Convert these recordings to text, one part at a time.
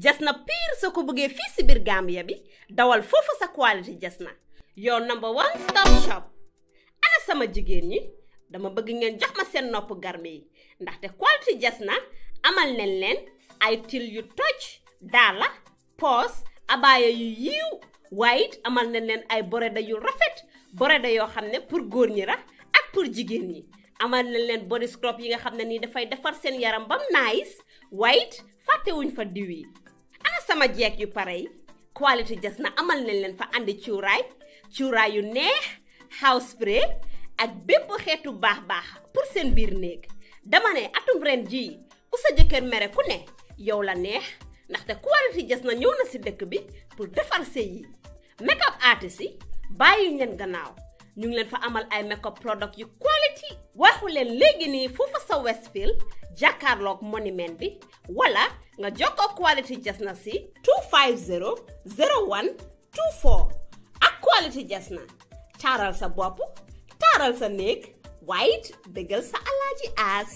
jas na pire soo ko bëggee fii si biir Gambia bi dawal foofu sa quality jas na yow number one stop shop ana sama jigéen ñi dama bëgg ngeen jox ma seen nopp garme yi ndax ndaxte quality jas na amal nañ leen ay til yu toj daala poos abaaya yu yiiw waaye amal nañ leen ay boreda yu rafet boreda yoo xam ne pour góor ñi la ak pour jigéen ñi amal nañ leen body scrub yi nga xam ne nii dafay defar seen yaram bam nice waaye fàttewuñ fa diw yi sama jeeg yu pare yi quality jas na amal nañ leen fa andi cuuraay cuuraay yu neex house spray ak bépp xeetu baax baax pour seen biir néeg dama ne atum ren jii ku sa jëkkër mere ku ne yow la neex ndaxte quality jas na ñëw na si dëkk bi pour defar sëy yi make up artist yi bàyyi leen gannaaw ñu ngi leen fa amal ay make up product yu quality waxu leen léegi nii foofa sa Westfield jàkkaarloog monument bi wala nga jokkoo Quality Jasna si 250 01 24 ak Quality na taaral sa bopp taaral sa néeg waaye bégal sa alaaji aas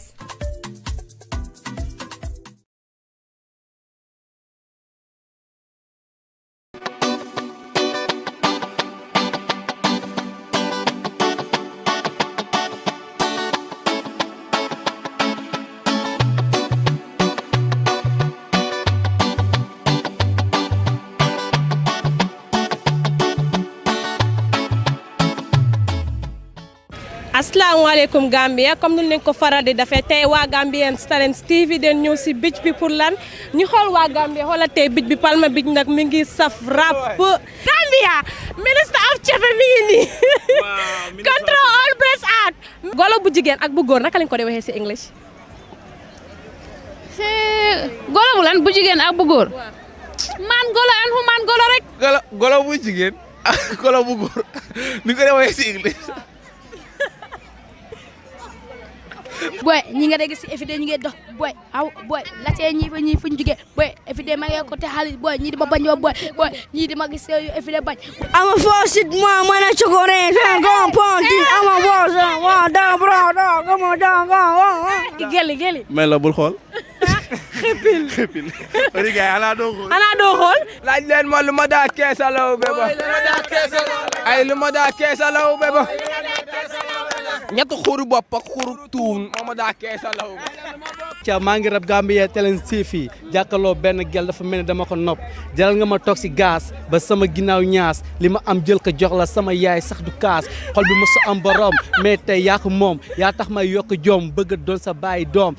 assalamualaikum Gambia comme nous leen ko faral di defee tey waa Gambian Talents TV de ñëw ci bitch bi pour lan ñu xol wa Gambia xol tay bitch bi Palma bitch nag mi ngi saf rap. Gambia Minister of Chefe mi control all breast out. golo bu jigen ak bu gor nak lañ ko di ci English. golo bu lan bu jigen ak bu gor man golo an man golo rek. golo golo bu jigen golo bu gor ni ko di ci English. boy ñi nga dégg si Efide ñu ngi dox boy aw boy lacee ñi fa ñi fuñ jugee boy Efide ma ngi ko te xaalis boy ñii di ma bañoo boy boy ñii di ma gis Efide bañ. ama foosit moi man a cukuree seen góob ponti ama foosit waaw daa bro daa gama daa gaa waaw waaw. gëli gëli. mel la bul xool. xipil xipil. wala gars yi ana doo xool. ana doo xool. laaj leen ma lu ma daa keesalaw be ba. ay lu ma daa keesalaw be ba. ñett xuuru bopp ak xuuru tuun mooma daa keesa law ca maa ngi rab Gambian Talents TV fii jàkkaloo benn gel dafa mel ne dama ko nopp jaral nga ma toog si gaz ba sama ginnaaw ñaas li ma am jël ko jox la sama yaay sax du kaas xol bi mësu am borom mais tey yaa ko moom yaa tax may yokk joom bëgg doon sa baay doom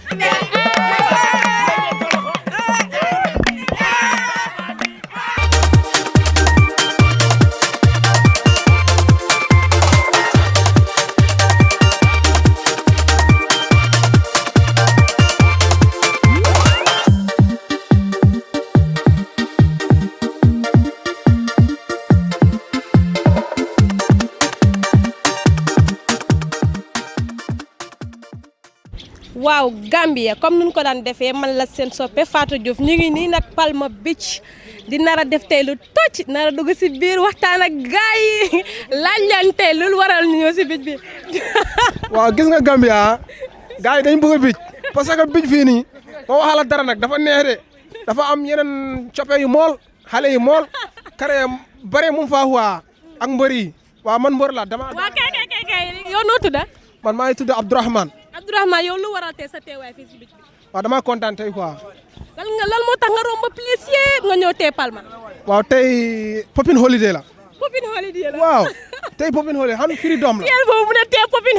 Wow, Gambia comme nuñ ko daan defee man la seen soppe Fatou Diouf ñu ngi nii nag Palma Beach di nar a def tey lu toj nar a dugg si biir waxtaan ak gars yi laaj leen lu waral ñu ñëw si bij bi. waaw gis nga Gambia gars yi dañ bëgg a bij parce que bij fii nii boo waxala dara nag dafa neex de dafa am yeneen coppe yu mool xale yu mool kare bare mu faa waa ak mbër yi waaw man mbër la dama. waaw kay kay kay yow noo tudd man maa ngi tudd Abdourahmane Abdourahmane yow lu waral tey sa teewaay fii si biir bi. waaw damaa kontaan tey quoi. lan nga lan moo tax nga romb place nga ñëw tey Palma. waaw tey Popin holiday la. Popin holiday la waaw tey Popin holiday la. teel ne tey Popin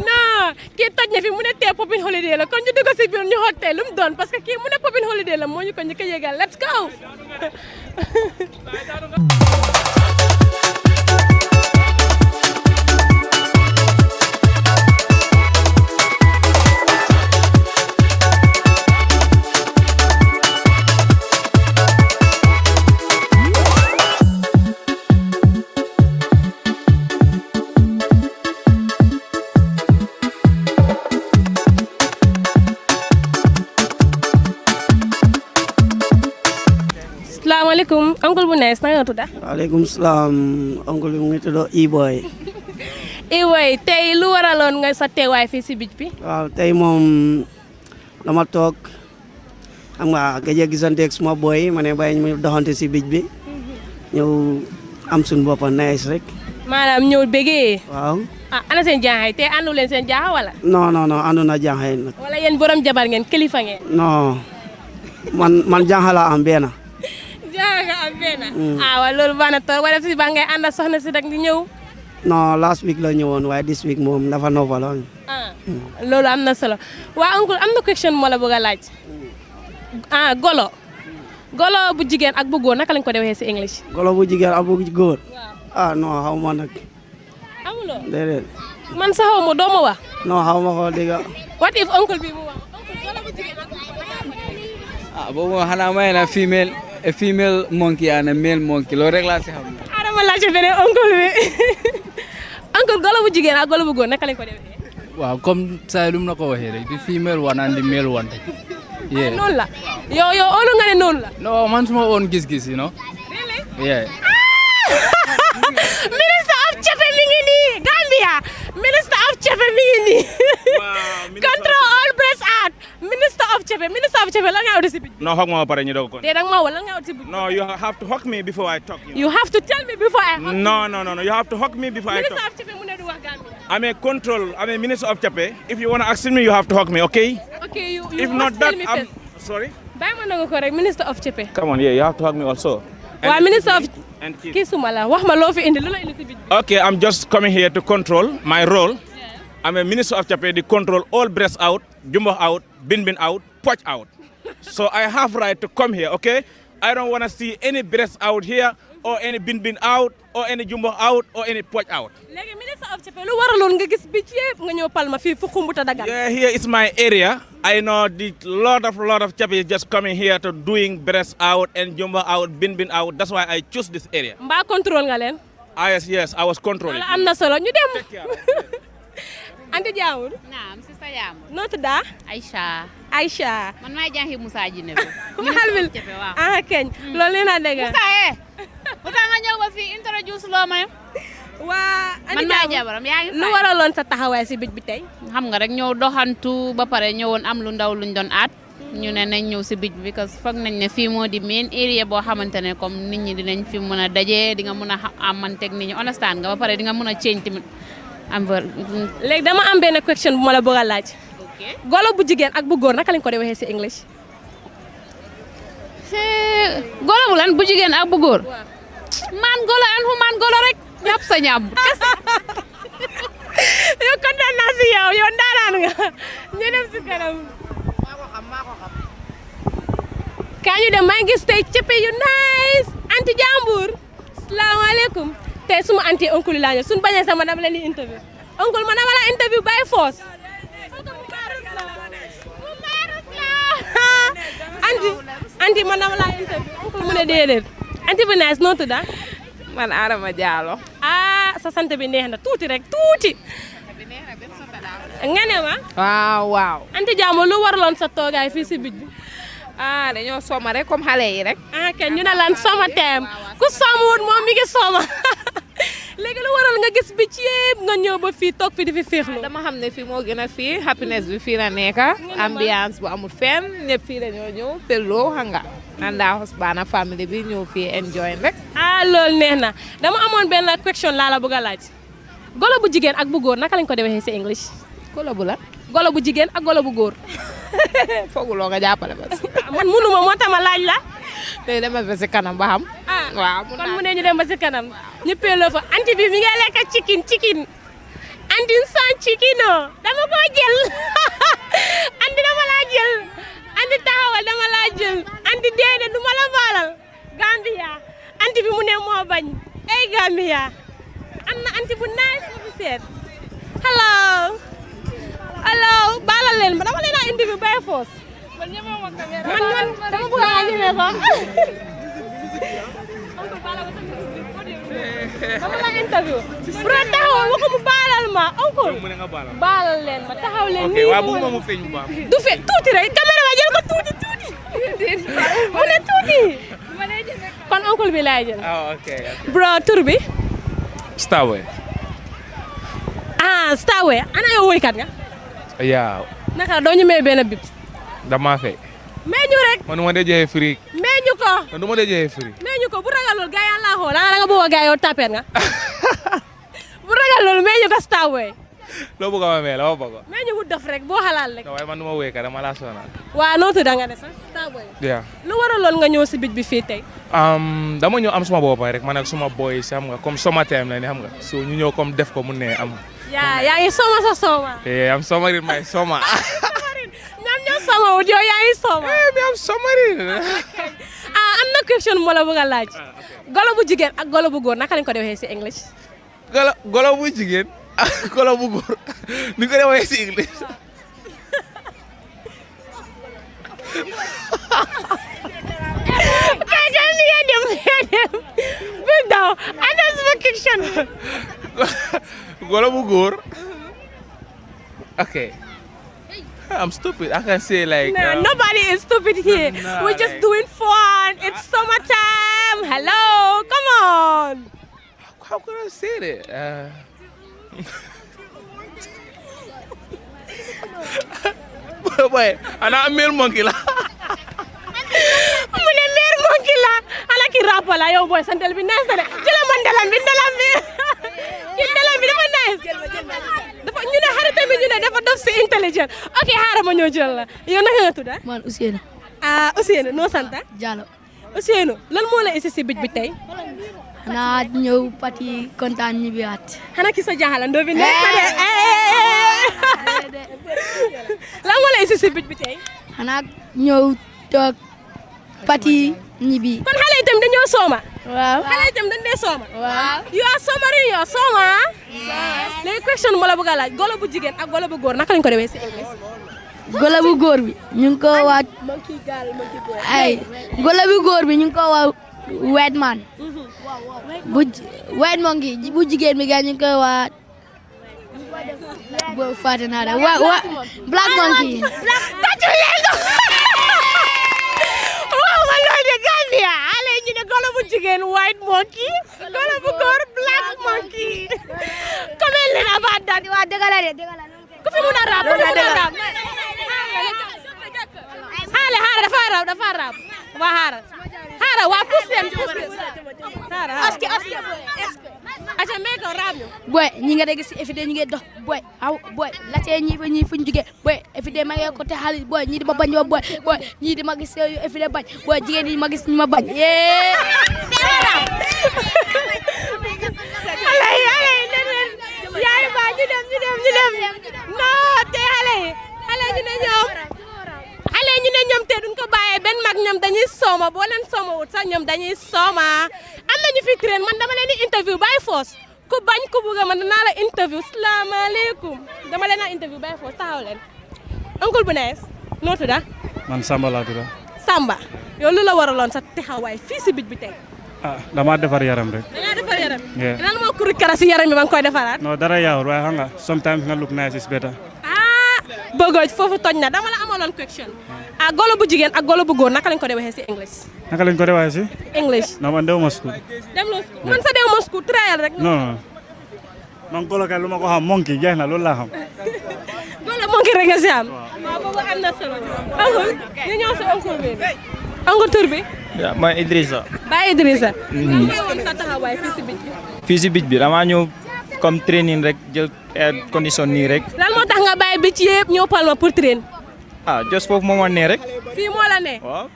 kii toj na fi mu ne tey Popin holiday la kon ñu dugg si ñu xool tey lu mu doon que kii mu ne Popin holiday la moo ñu ko ñu ko yëgal let's go. asalaamaaleykum oncle bu nees na nga tudd. waaleykum salaam oncle bi mu ngi tudd Iboy. tey lu waraloon nga sa teewaay fii si bi. waaw tey moom dama toog xam nga gëj a gisante suma booy ma ne bàyyi ñu doxante si bij bi ñëw am suñu boppam nees rek. maanaam ñëw bëggee. waaw ah ana seen jaaxay tey àndu leen seen jaaxa wala. non non non na jaaxay nag. wala yéen borom jabar ngeen kilifa ngeen. non man man am benn. na ah loolu baax na trop wala si ba ngay soxna si di non last week la ñëwoon way this week mom dafa nova la ah loolu amna solo wa uncle amna question mo la bëgga laaj ah golo golo bu jigen ak bu goor naka lañ ko déwé ci si english golo bu jigen ak bu góor ah non how ma nag amuloo déedéet man sa xawmu do ma wax non xaw ma ko diga what if uncle bi mu wax uncle golo bu jigen ak bu goor ah mo xana may na female a female monkey and a male monkey lo rek la ci xam. ma la ci bene oncle bi oncle golo bu jigen ak golo bu góor naka lañ ko dewe waaw comme saa lum na waxe rek bi female one and male one rek. Ah, yeah noonu la yo yo oolu nga ne non la. no man suma on gis-gis you know. really. yeah. Ah! Minister of chefe mi ngi ni Gambia minister of chefe mi ngi ni control all breast art. minister of Chepe minister of Chepe lan ngay ut si bij bi. non xoog ma ba pare ñu doog kon. dee da nga ma woo lan ngay ut si bij. no you have to hug me before I talk. you have to tell me before I hug. no no no you have to hug me before I talk. minister of Chepe mu ne du wax Gambia. amee control amee minister of Chepe. if you wanna ask me you have to hug me okay. okay you you if not that I'm sorry. bàyyi ma nangu ko rek minister of Chepe. come on yeah you have to hug me also. waa minister of kii suma la wax ma loo fi indi lu la indi si bij bi. okay I'm just coming here to control my role. I'm a minister of Chepe di control all breast out jumbo out. bin bin out, poach out. so I have right to come here, okay? I don't want to see any breast out here or any bin bin out or any jumbo out or any poach out. of nga gis nga Palma fu Yeah, here is my area. I know a lot of lot of Chepe just coming here to doing breast out and jumbo out, bin bin out. That's why I choose this area. control nga Ah, yes, yes, I was controlling. Amna solo ñu dem. Auntie jaamur naam sista jaamur noo da? Aisha. Aisha. man maay jaaxi Moussa Jinne bi bil. ah Ken. Hmm. Lol nee naa dégg Moussa eh bu nga ñew ba fi introduce lo may. Wa, Auntie waa man may jabaram ya ngi lu wara lon sa taxaway ci bij bi tay. xam nga rek ñew doxantu ba pare ñewon am lu ndaw luñ don at. Hmm. ñu ne nañ ñew ci bij bi parce que foog nañ ne fi modi main area bo xamantene comme nit ñi dinañ fi mëna dajé di nga mëna amanté ak nit ñi understand nga ba pare di nga mëna change timit am bër léegi dama am benn question bu ma la bëgg a laaj. golo bu jigéen ak bu góor naka lañ ko dee waxee si english. golo bu lan bu jigéen ak bu góor. maan golo an fu maan golo rek ñàpp sa ñàpp kese. yow kontaan naa si yow yow ndaanaan nga ñu dem si kanam. maa ko xam maa xam. kaa dem maa ngi gis tey cëppe yu nice anti jàmbur salaamaaleykum te suma anti oncle laa ñëw suñ bañé sama dama leen di interview oncle mana wala interview by force anti anti ma interview oncle mu anti bu nice noo tudda man Adama Diallo ah sa sant bi neex na rek tuuti nga ma anti Diallo lu waraloon sa toogaay fii si ah dañoo soma rek comme xale yi rek. ah kenn ñu ne lan soma teem ku somwut moo mi ngi soma léegi lu waral nga gis bi ci yëpp nga ñëw ba fii toog fi di fi féexlu. Ah, dama xam ne fii moo gën a fi happiness bi fii la nekk ah. ambiance bu amul fenn ñëpp fii dañoo ñëw pelloo xam nga nan daa xos baana famille bi ñëw fii enjoy rek. ah loolu neex na dama amoon benn question la bëgg a laaj golo bu jigéen ak bu góor naka lañ ko defee si English. golo bu la. golo bu jigen ak golo bu fogu lo nga jappale ma ah, man munuma moo tax laaj la tey dem ba ci kanam ba xam ah, waaw kon mu ne ñu dem ba ci kanam ñu peeloo fa anti bi mi ngay lekk chicken chicken anti chicken chickino dama ko jël anti dama la jël anti taxawal dama la jël anti deene du ma la baalal gambia anti bi mu ne moo bañ ay gambia amna anti bu nice bu set hello alors baalal leen ma dama leen a interview Baye Force. man ñeme ma caméra man man dama dama la interview. Bro, taxaw waxu mu baalal ma encore. balal. leen ma taxaw leen. ok waaw bëgguma mu feeñ bu du fe tuuti rek caméra ba jël ko tuuti tuuti. mu ne tuuti. kon oncle bi laay jël. ah bro turbi? bi. Starway. ah Starway ana yow woykat nga. yaa. naka doo ñu may benn bib. damaa fay. may ñu rek. man du ma dee joxe firi. may ñu ko. man du ma dee joxe firi. may bu ragalul gars yi àllaa a nga. bu ragalul may ñu ko Starboy. loo bëgg a ma may la ma bëgg a. ñu wut def rek boo xalaat rek. man du ma wéy dama laa sonal. waaw noo tudd nga ne sax Starboy. yaa lu waraloon nga ñëw si bij bi fii tey. Um, dama ñëw am suma boppam rek man ak suma boy si xam nga comme soma thème la ni xam nga so ñu def ko mu ne Yeah, yeah, yaa ngi so sa soma. eh am somarin may soma. ñoom ñoo soma wut yow yaa ngi soma. Yeah, i am somarin. ah am na question moo la bëgg a laaj. golo bu jigéen ak golo bu góor naka lañ ko defee si English. golo golo bu jigéen ak golo bu ni ko defee si English. I'm stupid. I can say like. Nah, um, nobody is stupid here. Nah, We're just like, doing fun. It's summertime. Hello, come on. How, could I say that? Uh, but wait, I'm not a male monkey. mu ne meer moo ki la ala ki rapa la yow booy santel bi nice na de jëla ma ndelam bi ndelam bi ki ndelam bi dafa nice dafa ñu ne xaritam bi ñu ne dafa def si intelligent ok xaaral ma ñëw jël la yow naka nga tudd ah? man Ousseynou ah Ousseynou noo sant ah? Diallo Ousseynou lan moo la isi si bij bi tey xanaa ñëw pati kontaan ñu bi waat xanaa ki sa jaaxalandoo bi neex na de lan moo la isi si bij bi tey xanaa ñëw toog pati nibi kon xalé itam dañu soma waaw xalé itam dañ dé soma waaw you are somari yo soma les question mo la bëgg laaj golo bu jigen ak golo bu gor naka lañ ko déwé ci golo bu gor bi ñu ko wa ki gal ki gor ay golo bu gor bi ñu ko wa white man mm-hmm. bu mo ngi bu jigen mi gañ ñu ko wa Bu fatana da wa black monkey black tatu leen Gambia xale ñu ne golo bu jigéen white monkey golo bu góor black monkey comment leen avant daan waa dëgg la de dëgg la ku fi mun a raam ku fi mun a raam xaale xaare dafa raam dafa raam waa xaare xaaral waa pousse leen pousse leen aski aski aca mee ko raam ñu boy ñi nga dégg si FD ñu ngi dox boy aw boy la cee ñi fa ñi fuñ jógee boy FD ma ngi ko te xaalis boy ñi di ma gis FD bañ boy jigéen ma gis ma ba ñu dem ñu dem ñu dem non te xale yi xale ñom té duñ ko bayé ben mag ñom dañuy soma bo leen soma wut sax ñom dañuy soma am nañu fi train man dama leen interview bay force. ku bañ ku bëgg man danaa la interview alaykum dama leen interview bay force. taxaw leen oncle bu nees noo man Samba la tuda Samba yow lu la waralon sa taxaway fi ci bit bi tay ah dama defar yaram rek dama defar yaram lan mo kuru kara si yaram bi bang koy defarat no dara yaawul way xanga sometimes nga look nice is better bëggooj foofu toj na dama la amaloon question ah golo bu jigéen ak golo bu góor naka lañ ko si english naka lañ ko dee waxee si english non man dewuma school demloo school man sa dewuma school trial rek non non man golo kay lu ko xam monki jeex na loolu xam golo monki rek nga si am waaw boobu am na solo ñu ñëw si angul bi angul tur bi ma Idrissa ba Idrissa ñu mm-hmm. sa bi bi comme training rek jël air condition lan moo tax nga bàyyi bi ci yëpp ñëw Palma pour train. Ah, jos foofu moo ma nee rek. fii moo la nee. waaw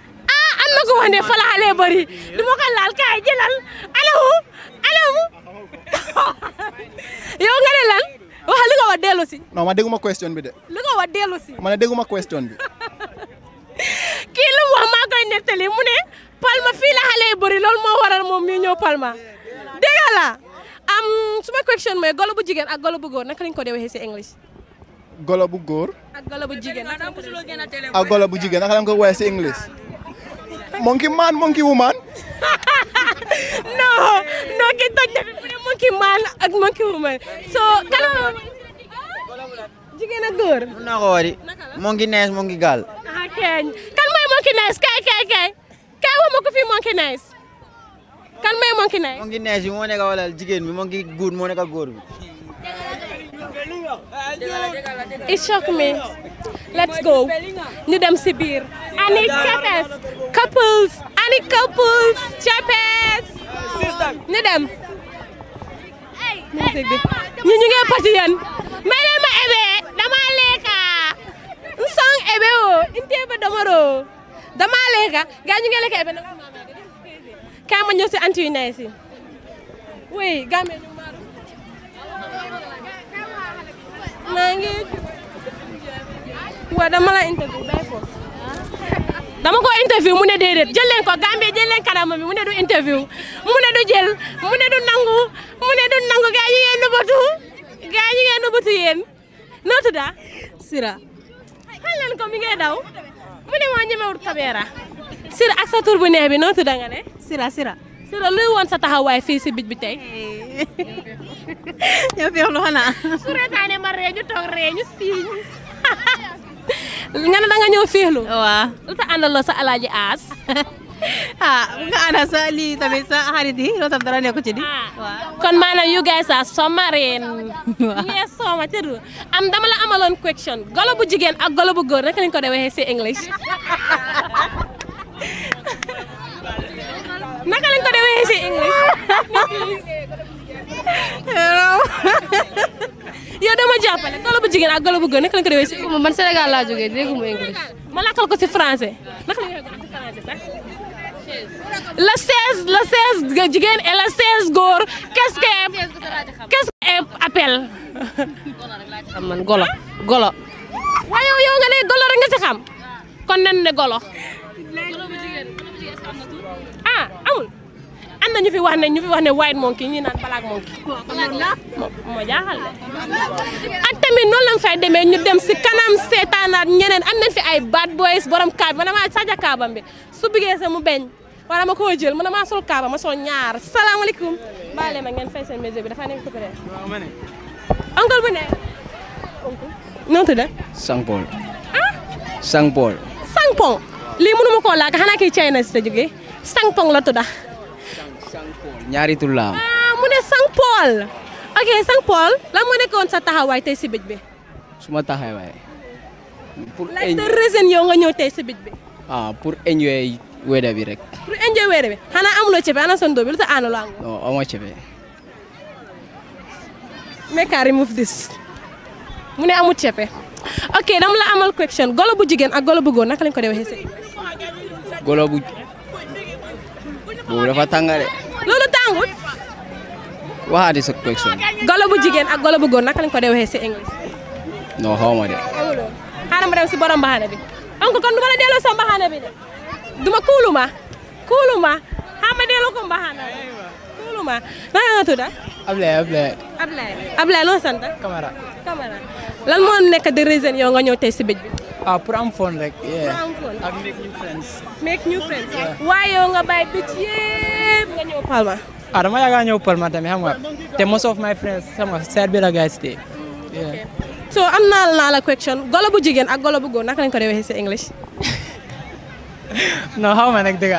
ah ko wax ne fa la xale bëri du ma ko laal kaay jëlal allo allo yow nga lan wax li nga wax dellu si. non ma dégguma question bi de. li nga wax dellu si. ma ne dégguma question bi. kii lu mu wax maa koy nettali mu ne Palma fii la xale loolu moo waral moom ñu ñëw Palma dégg am suma question moy golo bu jigéen ak golo bu góor lañ ko dee ci English. golo bu góor. ak golo bu jigéen ak golo bu jigéen lañ ko wé ci English. monkey man monkey woman. no no ki toj na ne monkey man ak monkey woman so kala. jigen ak gor mun ko wari. monkey nice monkey gal. kan moy monkey nice kay kay kay kay wax moko fi monkey nice. kan mooy Monkey Nice. Monkey moo nekk wala jigéen bi Monkey Good moo nekk góor bi. it shock me let's go ñu dem si biir. ani capes couples ani couples capes. ñu dem. ñu ñu ngi pati yan. may ma ebe dama leeka nsong ebe o inte ba domoro dama leeka gaa ñu ngi lekk ebe nag. Kaama ñëw si anti yu nay si. oui Gambie ñu maaru. maa ngi. waaw dama la interview day fo. dama ko interview mu ne déedéet jël leen ko Gambie jël leen kanamam bi mu ne du interview mu ne du jël mu ne du nangu mu ne du nangu gaa yi ngeen nëbbatu gaa yi ngeen nëbbatu yéen noo tudda Sira. xel leen ko mi ngay daw mu ne moo ñemewut caméra sir ak sa tour bu neex bi noo da nga ne. Sira Sira. Sira luy won sa taxaway fi si bij bi tey. ñoo fi lu xana su reetaane ma ree ñu toog ree ñu siiñ. nga ne da nga ñëw lu tax àndaloo sa alaaji as. ah nga ana sa li tamit sa xarit yi loolu tam dara nekku ci di. Ah. kon maanaam you guys are so marine. waaw ñu ngi soo ma tëdd am dama la amaloon question golo bu jigéen ak golo bu góor rek lañ ko English naka lañ ko demee si English yow dama jàppale golo bu jigéen ak golo bu góor naka lañ ko demee si man Sénégal laa jógee dégguma English ma lakkal ko si français naka lañ ko si français sax la 16 la 16 jigéen la 16 góor qu'est-ce que quest golo golo waaye yow nga golo rek ya, ne golo ah amul am na ñu fi wax ne ñu fi wax ne white monkey ñi naan black monkey moo jaaxal de ak tamit noonu lañ fay demee ñu dem si kanam seetaanaat ñeneen am nañ fi ay bad boys borom kaab bi ma saja kaabam bi su bëggee mu beñ wala ko koo jël man maa sol kaaba ma sol ñaar salaamaaleykum baale ma ngeen fay seen mesure bi dafa nekk couperet oncle bu ne oncle noo Sang Paul ah Sang Paul Sang Paul lii mënuma koo laaka xanaa kii China sa la sang pong ah, la tudda ñaari tur la am sang pol Sangpol ok Sangpol la moo kon sa taxaway tay si bij bi suma taxaway pour la the reason yo nga ñëw tay si bi ah pour enjoy e wéda bi rek pour enjoy e wéda bi xanaa amuloo cebe ana son bi lu an aana laa oh amoo cebe make I remove this mu amu cebe ok dama la amal question golo bu jigéen ak golo bu góor naka lañ ko dee waxee sëy. golo bu Wah, dafa tàngale. loolu tàngut. waxaati sa question. golo bu jigéen ak golo bu góor naka lañ ko dee waxee si english. non xaw ma de. xaaral ma dem borom mbaxane bi. oncle kon du ma la delloo bi duma kuluma kuluma xam ma delloo ko mbaxane kuuluma naka nga tudd. Ablaye Ablaye. Ablaye Ablaye loo sant. Kamara Kamara. lan moo nekk de reason nga ñëw tey si bëj bi. ah pour am fun rek. pour am fun ak make new friends. make waaye yow nga bàyyi bëj yëpp nga ñëw Palma. ah dama yàgg Palma tamit xam nga te most of my friends xam nga side bi la guys mm, so am naa la question golo bu jigéen ak golo bu góor naka lañ ko dee waxee English. non xaw ma nag dëgg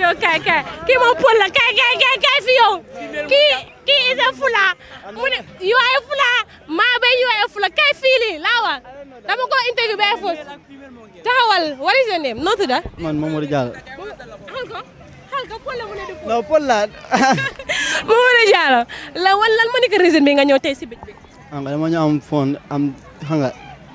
yow kay kay kii moom pël la kay kay kay kay kii kii is fula mu ne fula maa bay you fula kay fii lii laawa dama ko interview ba fos taxawal what is your name noo man Mamadou Diallo xal ko la mu ne la Mamadou Diallo la wala lan moo bi nga ñëw tey si bit bi xam am phone am xam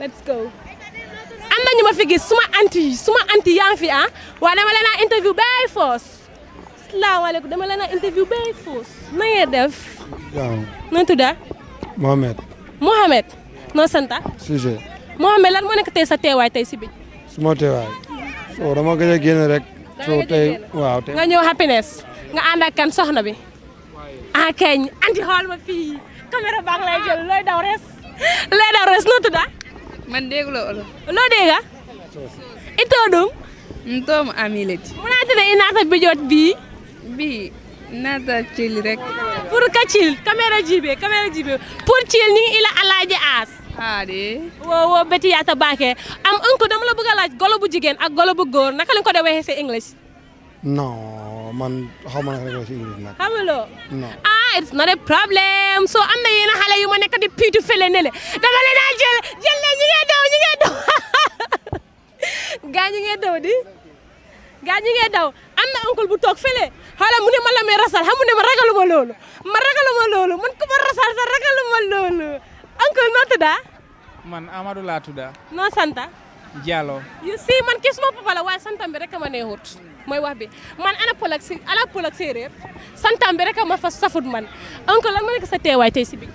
am na ma fi gis suma anti suma anti yaa ngi fi ah waaye dama leen a interview bay force. asalaamaaleykum dama leen a interview bay force. na def. waaw. tudda. Mohamed. Mohamed. noo santa Cissé. Mohamed lan moo nekk tey sa teewaay tey si suma teewaay. soo dama gëj a génn rek. soo tey waaw tey. nga ñëw happiness. nga ànd soxna bi. ah keñ anti xool ma fii caméra baa lay jël looy daw res. looy daw res noo tudda man non, non, lo non, non, ah? dum non, amilet non, na inata non, bi bi nata chil rek pour ka chil camera jibe camera jibe pour chil ni ila alaji as non, wo wo beti non, non, am unko dama la bëgg laaj golo bu jigen ak golo bu non, naka lañ ko non, non, english non man xawma non, non, ci english nak non, non ah it's not a problem so non, yena xalé yu ma non, di pitu non, nele dama non, jël ngay daw di gaa ñi ngee daw amna oncle bu tok fele xala mu ne ma la may rasal xamu ne ma ragaluma lolu ma ragaluma lolu man ko ma rasal sa ragaluma lolu oncle nota da man amadou la tuda no santa Diallo you see man kii mo papa la way santam bi rek ma neexut moy wax bi man ana polax si ala polak séeréer santam bi rek ma fa safut man oncle lan ma nek sa teway tay si bi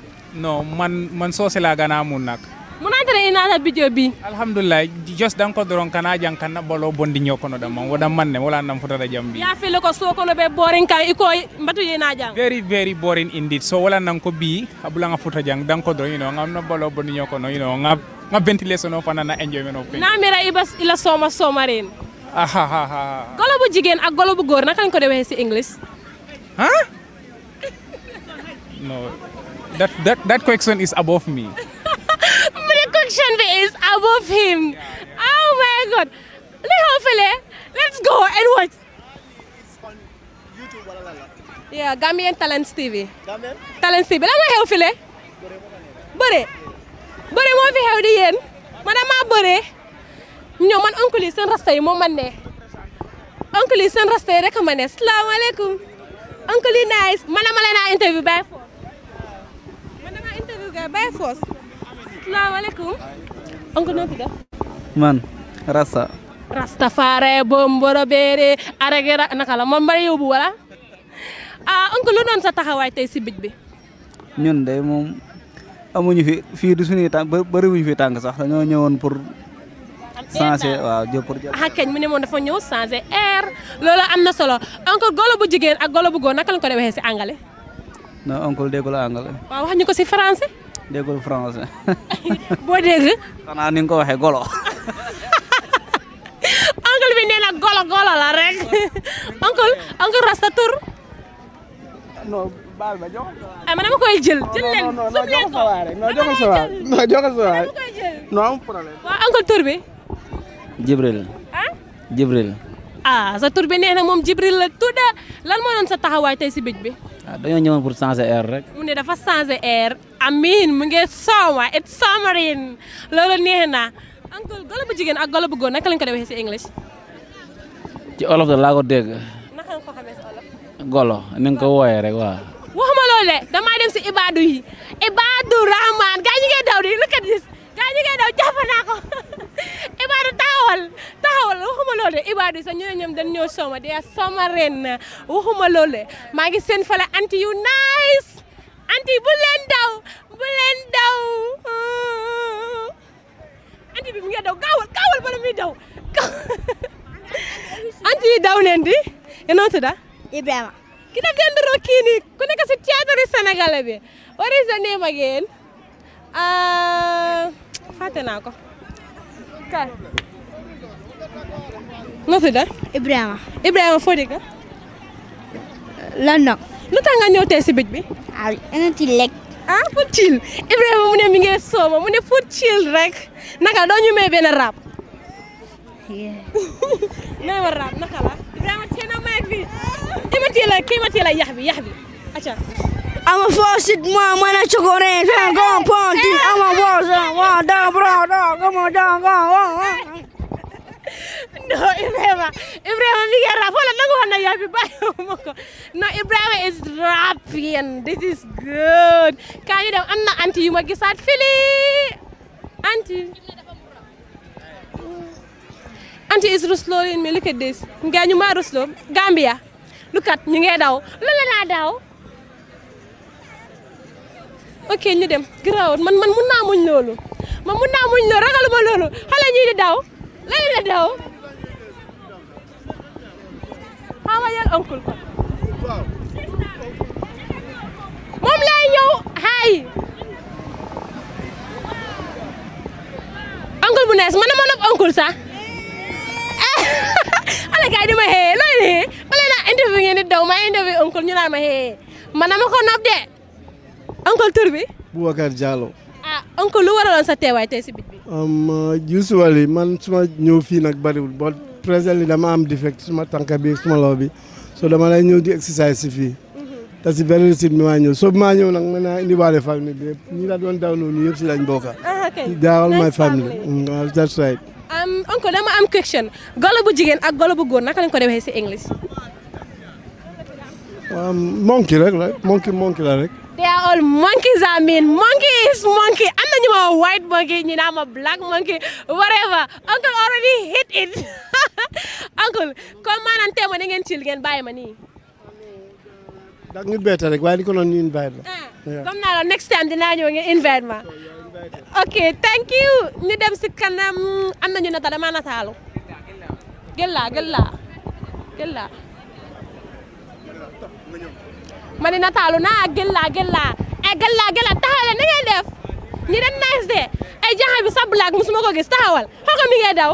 non man man sosé la gana mun nak munatara ina ta video bi alhamdulillah jos dan ko doron kana jan kana bolo bondi nyokono no dama wada man ne wala nam jam bi ya fi lako soko be boring kay iko mbatu ina jang very very boring indeed so wala nan ko bi abula nga futa jang dan ko doron you know ngam no bolo bondi nyokono you know ngab nga ventilation no fanana enjoyment of na mira ibas ila soma somaren aha ha ha golo bu jigen ak golo bu gor lañ ko dewe ci english Hah? no that that that question is above me Action is above him. Yeah, yeah. Oh go and watch. It's on YouTube. Yeah, Gambian Talents TV. Gambian? Talents TV. Lan mooy xew moo fi xew di yéen. man maa bëre. ñoom man oncle yi rasta yi moo man ne. oncle yi rasta yi rek ma ne salaamaaleykum. oncle yi nice. man ma leen a interview by force. Assalamualaikum, oncle noo tudd. man Rasta. Rastafari bomboro beere aragera naka la moom bari yóbbu wala. ah oncle lu doon sa taxawaay tey si bij bi. ñun de moom amuñu fi fii du suñuy tànk bëriwuñu fi tànk sax dañoo ñëwoon pour. changer waaw jë pour jë. xakkeñ mu ne moom dafa ñëw changer air loolu am solo oncle golo bu jigéen ak golo bu góor naka lañ ko de waxee si angale. non oncle déggul angale. waaw wax ñu ko français. déggul français. boo dégg. xanaa ni nga ko waxee golo. oncle bi nee na golo golo la rek oncle oncle Rasta tur. non baal ma jox ah eh, man dama koy jël jël leen. suuf leen ko non joxal sa waay non joxal sa waay non tur bi. Jibril. ah Jibril. ah sa tour bi neex mom Jibril la tudd lan mo non sa taxaway tay ci bëj bi. ah dañoo ñëwoon pour changer air rek. mu ne dafa changer air amin mu ngi soowa et samarin lolu neex na encore golo bu jigen ak golo bu góor nak lañ ko dee ci English. ci olof da laa ko dégg. naka nga ko xamee si olof. golo ni nga ko woyé ya, rek wa waxuma lolé dama dem ci Ibadu yi Ibadu Rahman gañu ñu ngi daw di lu kat gis. gaa yi ngay daw jàpp naa ko Ibadou taxawal taxawal waxuma loolu de Ibadou sax ñooñu ñoom dañu ñoo sooma di sooma ren waxuma loolu de seen fale anti yu anti bu daw bu daw anti bi yi daw leen di noo tudd Ibrahima ki daf leen duroo kii nii ku nekk si théâtre sénégalais bi what fàtte naa ko kay noo tudd Ibrahima Ibrahima foo dëkk London lu tax nga ñëw si bij bi waaw ah, ana til lekk ah pour chill Ibrahima mu mi ngi sooma mu ne rek naka doo ñu may benn rap Ibrahima tee na mic bi ki I'm a it one when I took on it. I'm going punch I'm a faucet, one down, bro, dog. Come on, down, go, No, Ibrahima. Ibrahima, we get I'm Hold on, go on. You happy boy? No, Ibrahima is rapping. This is good. Can you? I'm not anti. You make sad feeling. Auntie. Auntie is Ruslo in me. Look at this. Ganyu ma Ruslo. Gambia. Look at. Nyinge daw. Lola na daw. ok ñu dem garaawut man man mun naa muñ loolu man mun naa muñ loolu ragaluma loolu xale ñuy di daw lay di daw xaama yal oncle ko moom lay ñëw xaay oncle bu nees man ma nopp oncle sax xale gaay di ma xee looy ne xee ma leen naa interview ngeen di daw ma interview oncle ñu naan ma xee man ma ko nopp de Uncle turbi bi Boubacar kan, Diallo ah uncle lu waraloon sa teewaay tey si bit bi um, uh, usually man suma ñëw nak nag but bo presently dama am defect suma tànka bi suma loxo bi so dama lay ñëw di exercise si fii te si benn site so maa ñëw mana ini naa family, famille bi yëpp ñi la doon daw noonu yëpp si lañ bokka daawal my family mm, uh, that's right um, uncle dama am question golo bu jigen ak golo bu góor nak lañ ko dewee si english um, monkey rek la monkey monkey la rek they are all monkeys I mean monkey is monkey am na ñu ma white monkey ñu naan ma black monkey whatever uncle already hit it uncle kon maanaam tey ma ne ngeen ci ngeen ma nii. ndax ñu bett rek waaye li ko doon invite la. Ah, comme naa la next time dinaa ñëw ngeen invite ma. ok thank you ñu dem si kanam am na ñu nataal dama nataalu. gëllaa gëllaa gëllaa. ma ni nataalu naa gëllaa gëllaa ay eh, gëllaa gëllaa na ngeen def ñi dem nice de eh, ay jaaxal bi musuma ko gis taxawal xool ko mi daw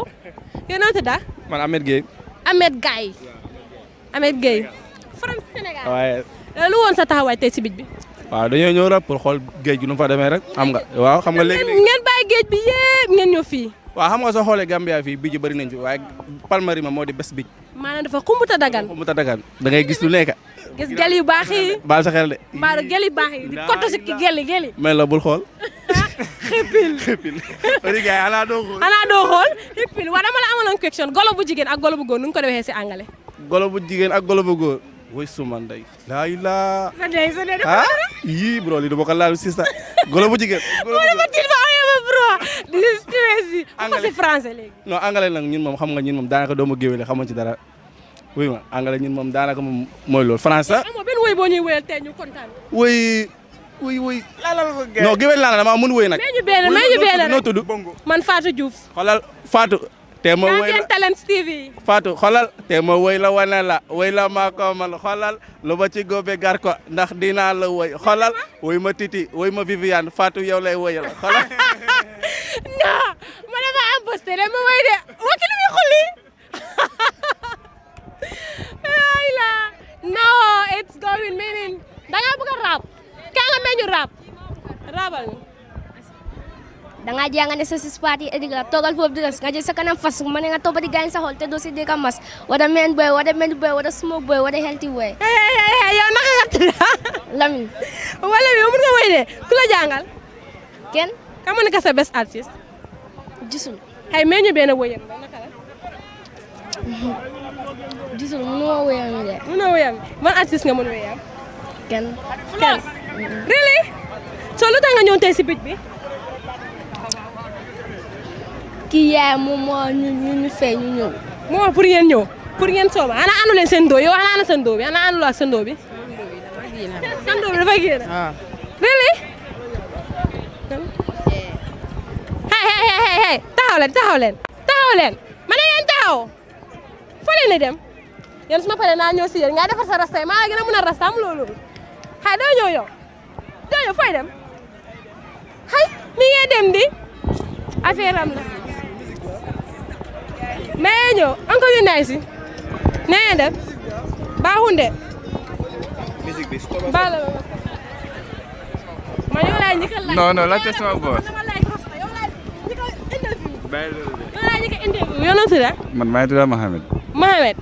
yéen a ngi tudd Ahmed Gueye. Ahmed Gueye. Ahmed Gueye. from eh, lu woon sa taxawaay si bij bi. waa dañoo ñëw rek pour xool géej gi nu mu fa demee rek xam nga waaw xam nga léegi ngeen bàyyi géej bi yëpp ñëw fii waa xam nga soo xoolee Gambia fii bij yi bëri nañ fi ma moo di bés bij maanaam dafa xumbuta dagan xumbuta dagan da ngay gis lu nekk gis gel yu baax yi. baal sa xel de. maa gel yu baax si gel yi gel yi. bul xool. xippil xippil. Oligay xanaa doo doo xool xippil waaw dama la amaloon question golo bu jigéen ak golo bu góor nu ko defee si angale. golo bu jigéen ak golo bu góor. woy suma ndey. laa ilaa. sa ndey sa ah? yii bro lii du ma ko laal si sa. golo bu jigéen. golo bu góor di stress yi. angale bu ko si français léegi. non angale nag ñun moom xam nga ñun moom daanaka doomu géwél ci dara wuy ma anglais ñun moom daanaka moom mooy loolu français. woy ñuy woyal tey ñu woy woy woy. lalal ko non gëwël mun woy nag. mais ñu benn mais ñu benn noo tudd man Fatou Diouf. xoolal Fatou. te ma woy la Talents TV. woy la wane woy la maa ko man xoolal ci góobe gar ndax dinaa la woy xoolal woy ma Titi woy ma Viviane Fatou yow lay woyal xoolal. non ma dama imposté de ma woy de waa ki li muy ayla no it's going meaning da nga bëgg rap ka nga meñu rap rabal da nga jangan sa sispati ediga eh, togal fof digas nga sa kanam fas mané nga di gain sa hol te do si de mas. mas a man boy a man boy a smoke boy a healthy hey, eh, eh, yow naka nga tudda lamin wala mi mën nga way de kula jangal ken Kamu ne sa best artist Jisul. Hey, meñu bena woyen Justru mau wéyam de. mënoo wéyam man artiste nga mën Ken, kenn. really. so lu tax nga ñëw tey si bij bi. kii yaay moom moo ñu ñu ñu fee ana anu leen ana ana bi ana anu la seen doo bi. seen bi lagi génn. Ah. really. hey hey hey hey hey, tahu len tahu len tahu len, mana yang tahu? paree ni dem yéen su ma paree naa ñëw si yéen nga defar sa rasta yi maa la gën a mën a rasta am loolu xay doo ñëw yow doo ñëw fooy dem xay mi ngay dem di affaire am la mais ñëw encore ñu nay si na ngeen def baaxul de baax la ma yow laay njëkk a laaj non non laajte sama boor yow laay njëkk a interview yow laay njëkk a interview yow noo tudd man maa ngi tudd Mohamed Mohamed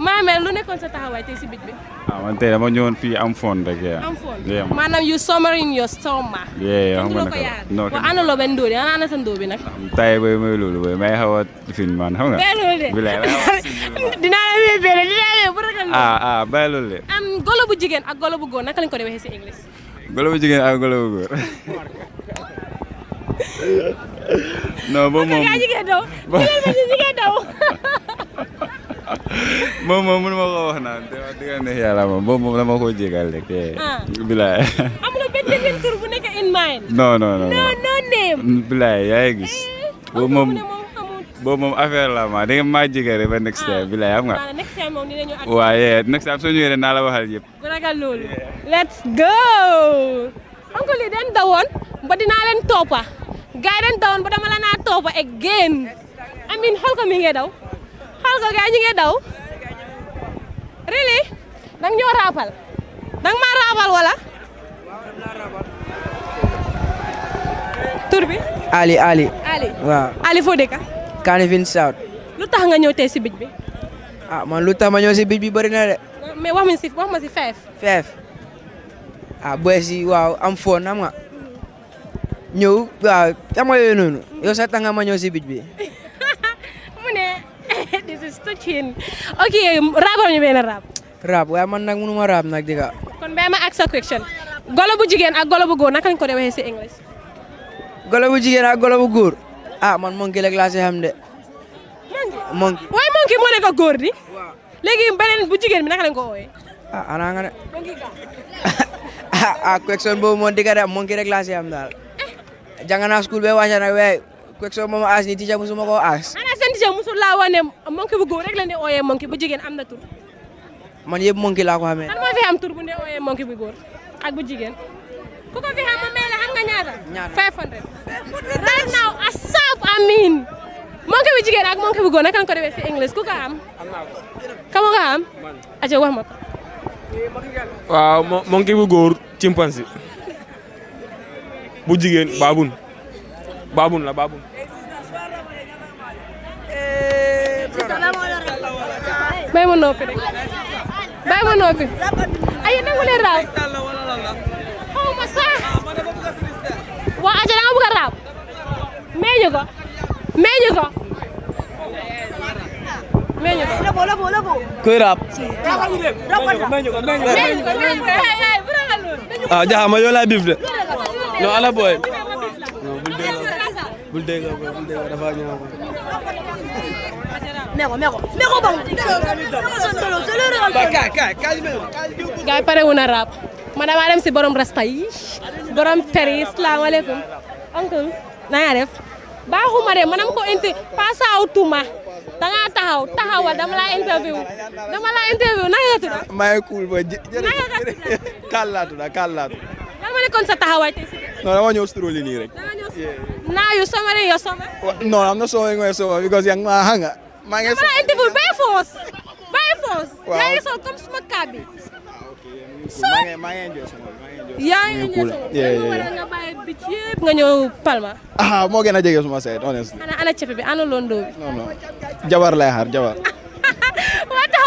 Mohamed lu nekkon sa taxaway tay ci bit bi ah man tay dama ñewon fi am fon rek ya am fon yeah maanaam you summering your stoma yeah yeah man ko no ko ana lo ben ndori ana ana sa ndobi nak tay boy moy lolu boy may xawa fin man xam nga bi bilay dina la wé bébé dina la bu ragal ah ah bay lolu le am golo bu jigen ak golo bu goor nak lañ ko dewé ci english golo bu jigen ak golo bu goor no bo mom ga jigen daw jigeen jigen daw moom moom mënu ma koo wax naan te wax dëgg neex yàlla moom moom dama koo jégal rek. Eh. Ah. bilaay. amuloo benn benn tur bu nekk in mind. non non non non non name. bilaay yaa ngi gis. Eh, boobu moom boobu moom affaire la ma da ngeen maa next ah. time bilaay xam nga. next time moom waaye eh, next time soo ñëwee rek naa la waxal yëpp. bu ragal loolu. let's go. oncle yi dawoon ba dinaa leen toppa gars yi dañ dawoon ba dama la naa toppa again. I mean xool ko mi ngi daw. xool ko gars ñu ngi daw really ñoo raabal dang maa raabal wala tur Ali Ali Ali waaw Ali foo dëkk Kanifing South lu tax nga tey si bi ah man lu tax ma ñëw si bi bëri na de mais wax ma si feef feef ah boy si waaw am foon mm. xam nga ñëw yooyu noonu yow sax ma ñëw si bi this is too chin. bu jigéen ak golo bu góor naka ko dee waxee si English. golo góor ah, man monkey rek laa si xam de. monkey monkey moo nekk góor jigéen bi naka lañ ko wooyee. ah ana nga ne. Ah, ah, de monkey laa si xam daal. Eh. school be wàcce nag waaye question moom as ni teacher musuma ko as. CNG mosul laa wane Monkey bu góor rek la ñu ooyee Monkey bu jigéen am na tur. man yëpp Monkey laa ko xamee. man bu ñu ooyee góor ak bu jigéen. ku ko fi xam ma may la nga ñaata. ñaata 500. right bu jigéen ak Monkey bu góor naka ko defee si English ku ko am. am naa ko. am. man wax ma ko. waaw Monkey bu góor chimpanzee bu jigéen baabun baabun la baabun. bay ma noppi rek bay ay nangu leen raam waa aca danga bëgg a raam meeñu ko meeñu ko meeñu ko kuy raam meeñu ko meeñu booy bul dégg nga bul dégg nga dafa ñëw. meko meko meko ba mu. gars yi pare wu na raap ma damaa dem si borom rasta yi borom per yi salaamaaleykum oncle na nga def baaxuma de ko inti passaawutuma da ngaa taxaw taxawal dama laa interview dama laa interview na nga tudd. maa ngi kuul ba jë jërëjëf kàllaatu la kàllaatu. ma nekkoon sa taxawaay tey si No, I want you to here. in here. Now you somewhere in your summer? no, I'm not somewhere my summer because young nah, man hang up. is. I'm not interview. Very force. Very force. Well, yeah, so come smoke cabby. Ah, so, my angel Yeah, angel yeah, yeah, yeah. nga ñëw Palma. ah moo gën a jege suma seet honestly. ana ana cepe bi ana londo No no, non jabar lay xaar jabar.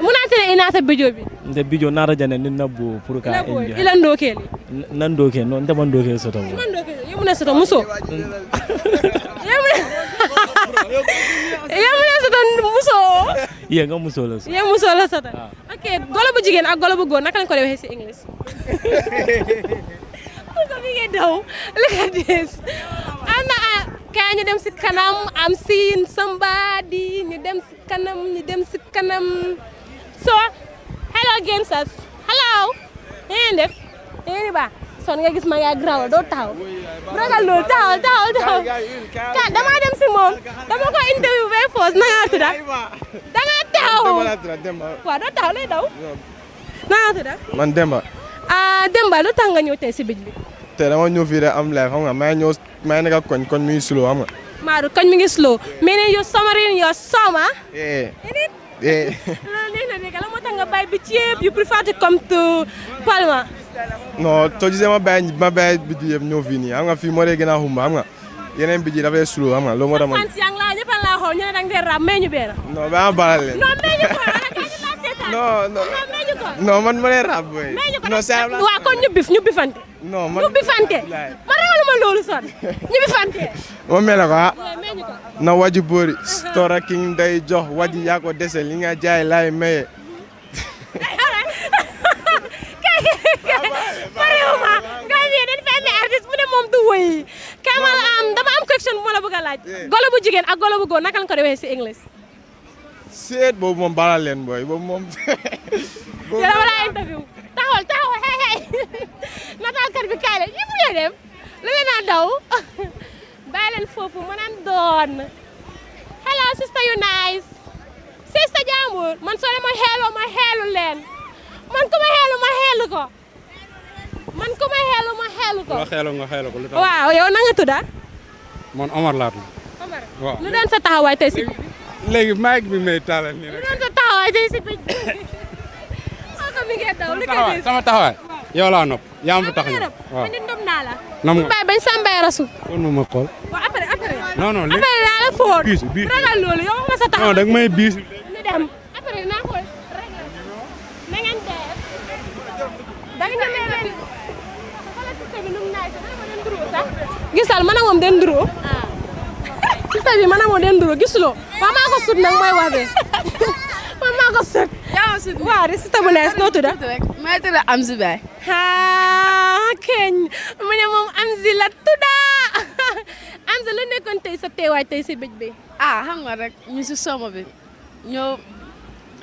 munatene e naata bijo bi nde bijo naarajane ni nabbo pour ka en ilan dookeli nan dooke non ndeman dooke soto man dooke yemune soto muso yemune yemune soto muso iya nga muso la soto iya muso la soto ah. Oke, golo bu jigen ak golo bu goor naka lañ ko dewe ci english ko bi ngeen daw li ka des ana ah, kaay dem ci kanam am seen somebody ñu dem ci kanam ñu dem ci kanam so hello Gensas hello na ngeen def na ngeen di gis ma ngaa grawal doo taxaw ragal loolu taxawal taxawal taxaw ka damaa dem si moom dama ko interview bay foos na ngaa tudda da ngaa taxaw waaw doo taxaw lay daw na ngaa tudda man Demba ah Demba lu tax nga ñëw tey si bij bi te dama ñëw fii am lay xam nga maa ngi ñëw maa ngi nekk koñ koñ mi ngi slow xam nga. koñ mi ngi slow. meaning you summer in your summer. yeah. Eh. non soo gisee ma bàyyi ma bàyyi bi di yëpp ñëw fii nii xam nga fii moo dee a xumba xam nga yeneen bi ji dafay suloo xam nga loolu moo tax ma. non ba ma baral leen. non non non man ma lay raab booy. non saa la waaw kon ñu bif ñu bifante. non man ñu bifante man rawalu ma loolu son ñu bifante. moom mel na ko ah. na waji boori. stora king day jox waji yaa ko dese li nga jaay laay maye. pariwuma nga fi dañ fay amee artiste bu ne moom du woy Kamal am dama am question bu ma la bëgg a laaj. golo bu jigéen ak golo bu góor naka la ko demee si anglais. seet boobu moom baal leen booy boobu moom. boobu moom dama la interview taxawal taxawal hey hey nataalkat bi lu ngeen daw bàyyi foofu ma naan doon hello sister you nice sister man soo demee xeeloo ma leen man ku ma xeelu ko. man ko. ma xeelu ko waaw yow na nga man Omar laa tudd. lu doon sa taxawaay tey si. léegi mic bi may taalal Ni rek. nga taxawaay tey si bëj. soo mi ngi daw li ka gis sama taxawaay Yo la nop. Ya am tax ñu Ni ndom na la. nam nga bañ Samba Rasu. kon moom ma xol. waaw après après. non non léegi après naa la fo. Bis bis. ragal loolu yow wax ma sa taxawaay. non dag may bis. Ni dem après naa ko ragal. na ngeen def. danga ñemee leen. gisal ma ngom moom den duroo. Ah. couple bi man amoo den duro gisuloo waaw maa ko sut nag mooy wabee man maa ko sut. yaa ma sut waaw de sista bu nees noo tudd. maa tudd Amzy Baye. ah keñ mu ne moom Amzy la tudda Amzy la nekkoon tey sa teewaay tey si bëj bi. ah xam nga rek ñu si sooma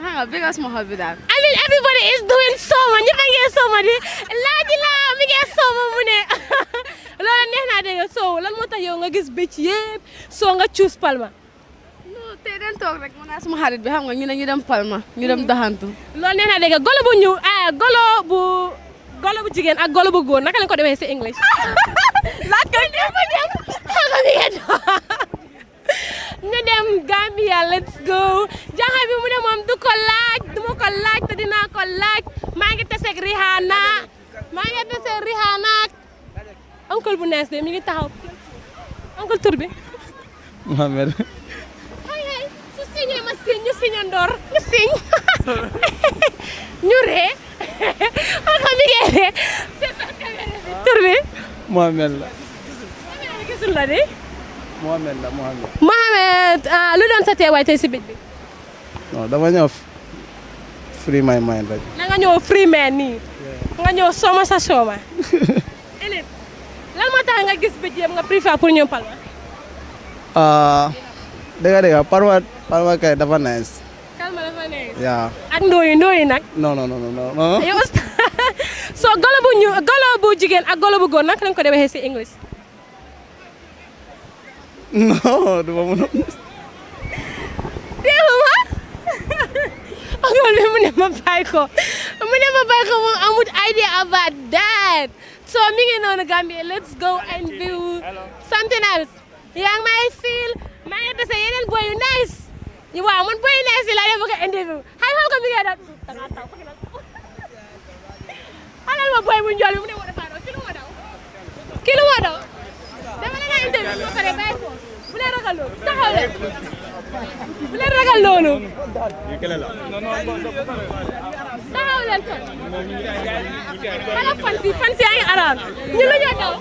ah because ma hobby daal. I mean everybody is doing sooma ñëpp a ngi sooma di laaji laa mi ngi sooma mu ne loolu neex naa dégg soow lan moo tax yow nga gis bëcc yëpp soo nga choose Palma. non tey den toog rek mu naa bi xam nga ñu ne dem Palma ñu dem mm. doxantu. loolu neex naa dégg golo bu ñëw ah eh, golo bu golo bu jigéen ak golo bu góor naka lañ ko demee si English. laaj ko dem xam nga mi ngi ñu dem Gambia let's go Jangan bi mu ne moom du ko laaj du ma ko laaj te dinaa ko laaj maa ngi taseeg Rihanna maa ngi taseeg Rihanna ak oncle bu nees de mi ngi taxaw oncle tur bi Mohamed ay su ma ñu ndor ñu ñu mi ngi la gisul la de Mohamed la Mohamed. Mohamed ah lu don sa teewaay tey si bij bi. non dama ñow free my mind rek. La nga ñow free man ni. nga ñow soma sa soma. Elif lan mo tax nga gis bij nga préfère pour ñëw Palma. ah Dega dega parwa parwa kay dafa nice. Palma dafa nice. waaw. ak ndoy ndoy nak. non non non non non. yow so golobu ñu golobu jigen ak golobu bu nak nag lañ ko dee ci English. non du ma mën a. dégg nga mu ne ma bàyyi ko mu ne ma bàyyi ko amut idea about that so mi ngi noonu Gambie let's go and view something else. yaa ngi may fil maa ngi dese yeneen boy yu nice waaw man boy yu nice yi laa def ko interview xay xool ko mi ngi def dangaa taw xalal boy bu njool bi mu ne ma dafa daw kii lu dama la naa interview ba pare bu leen ragal loolu taxaw leen bu leen ragal loolu taxaw leen kon xala fan si ay araar ñu la ñoo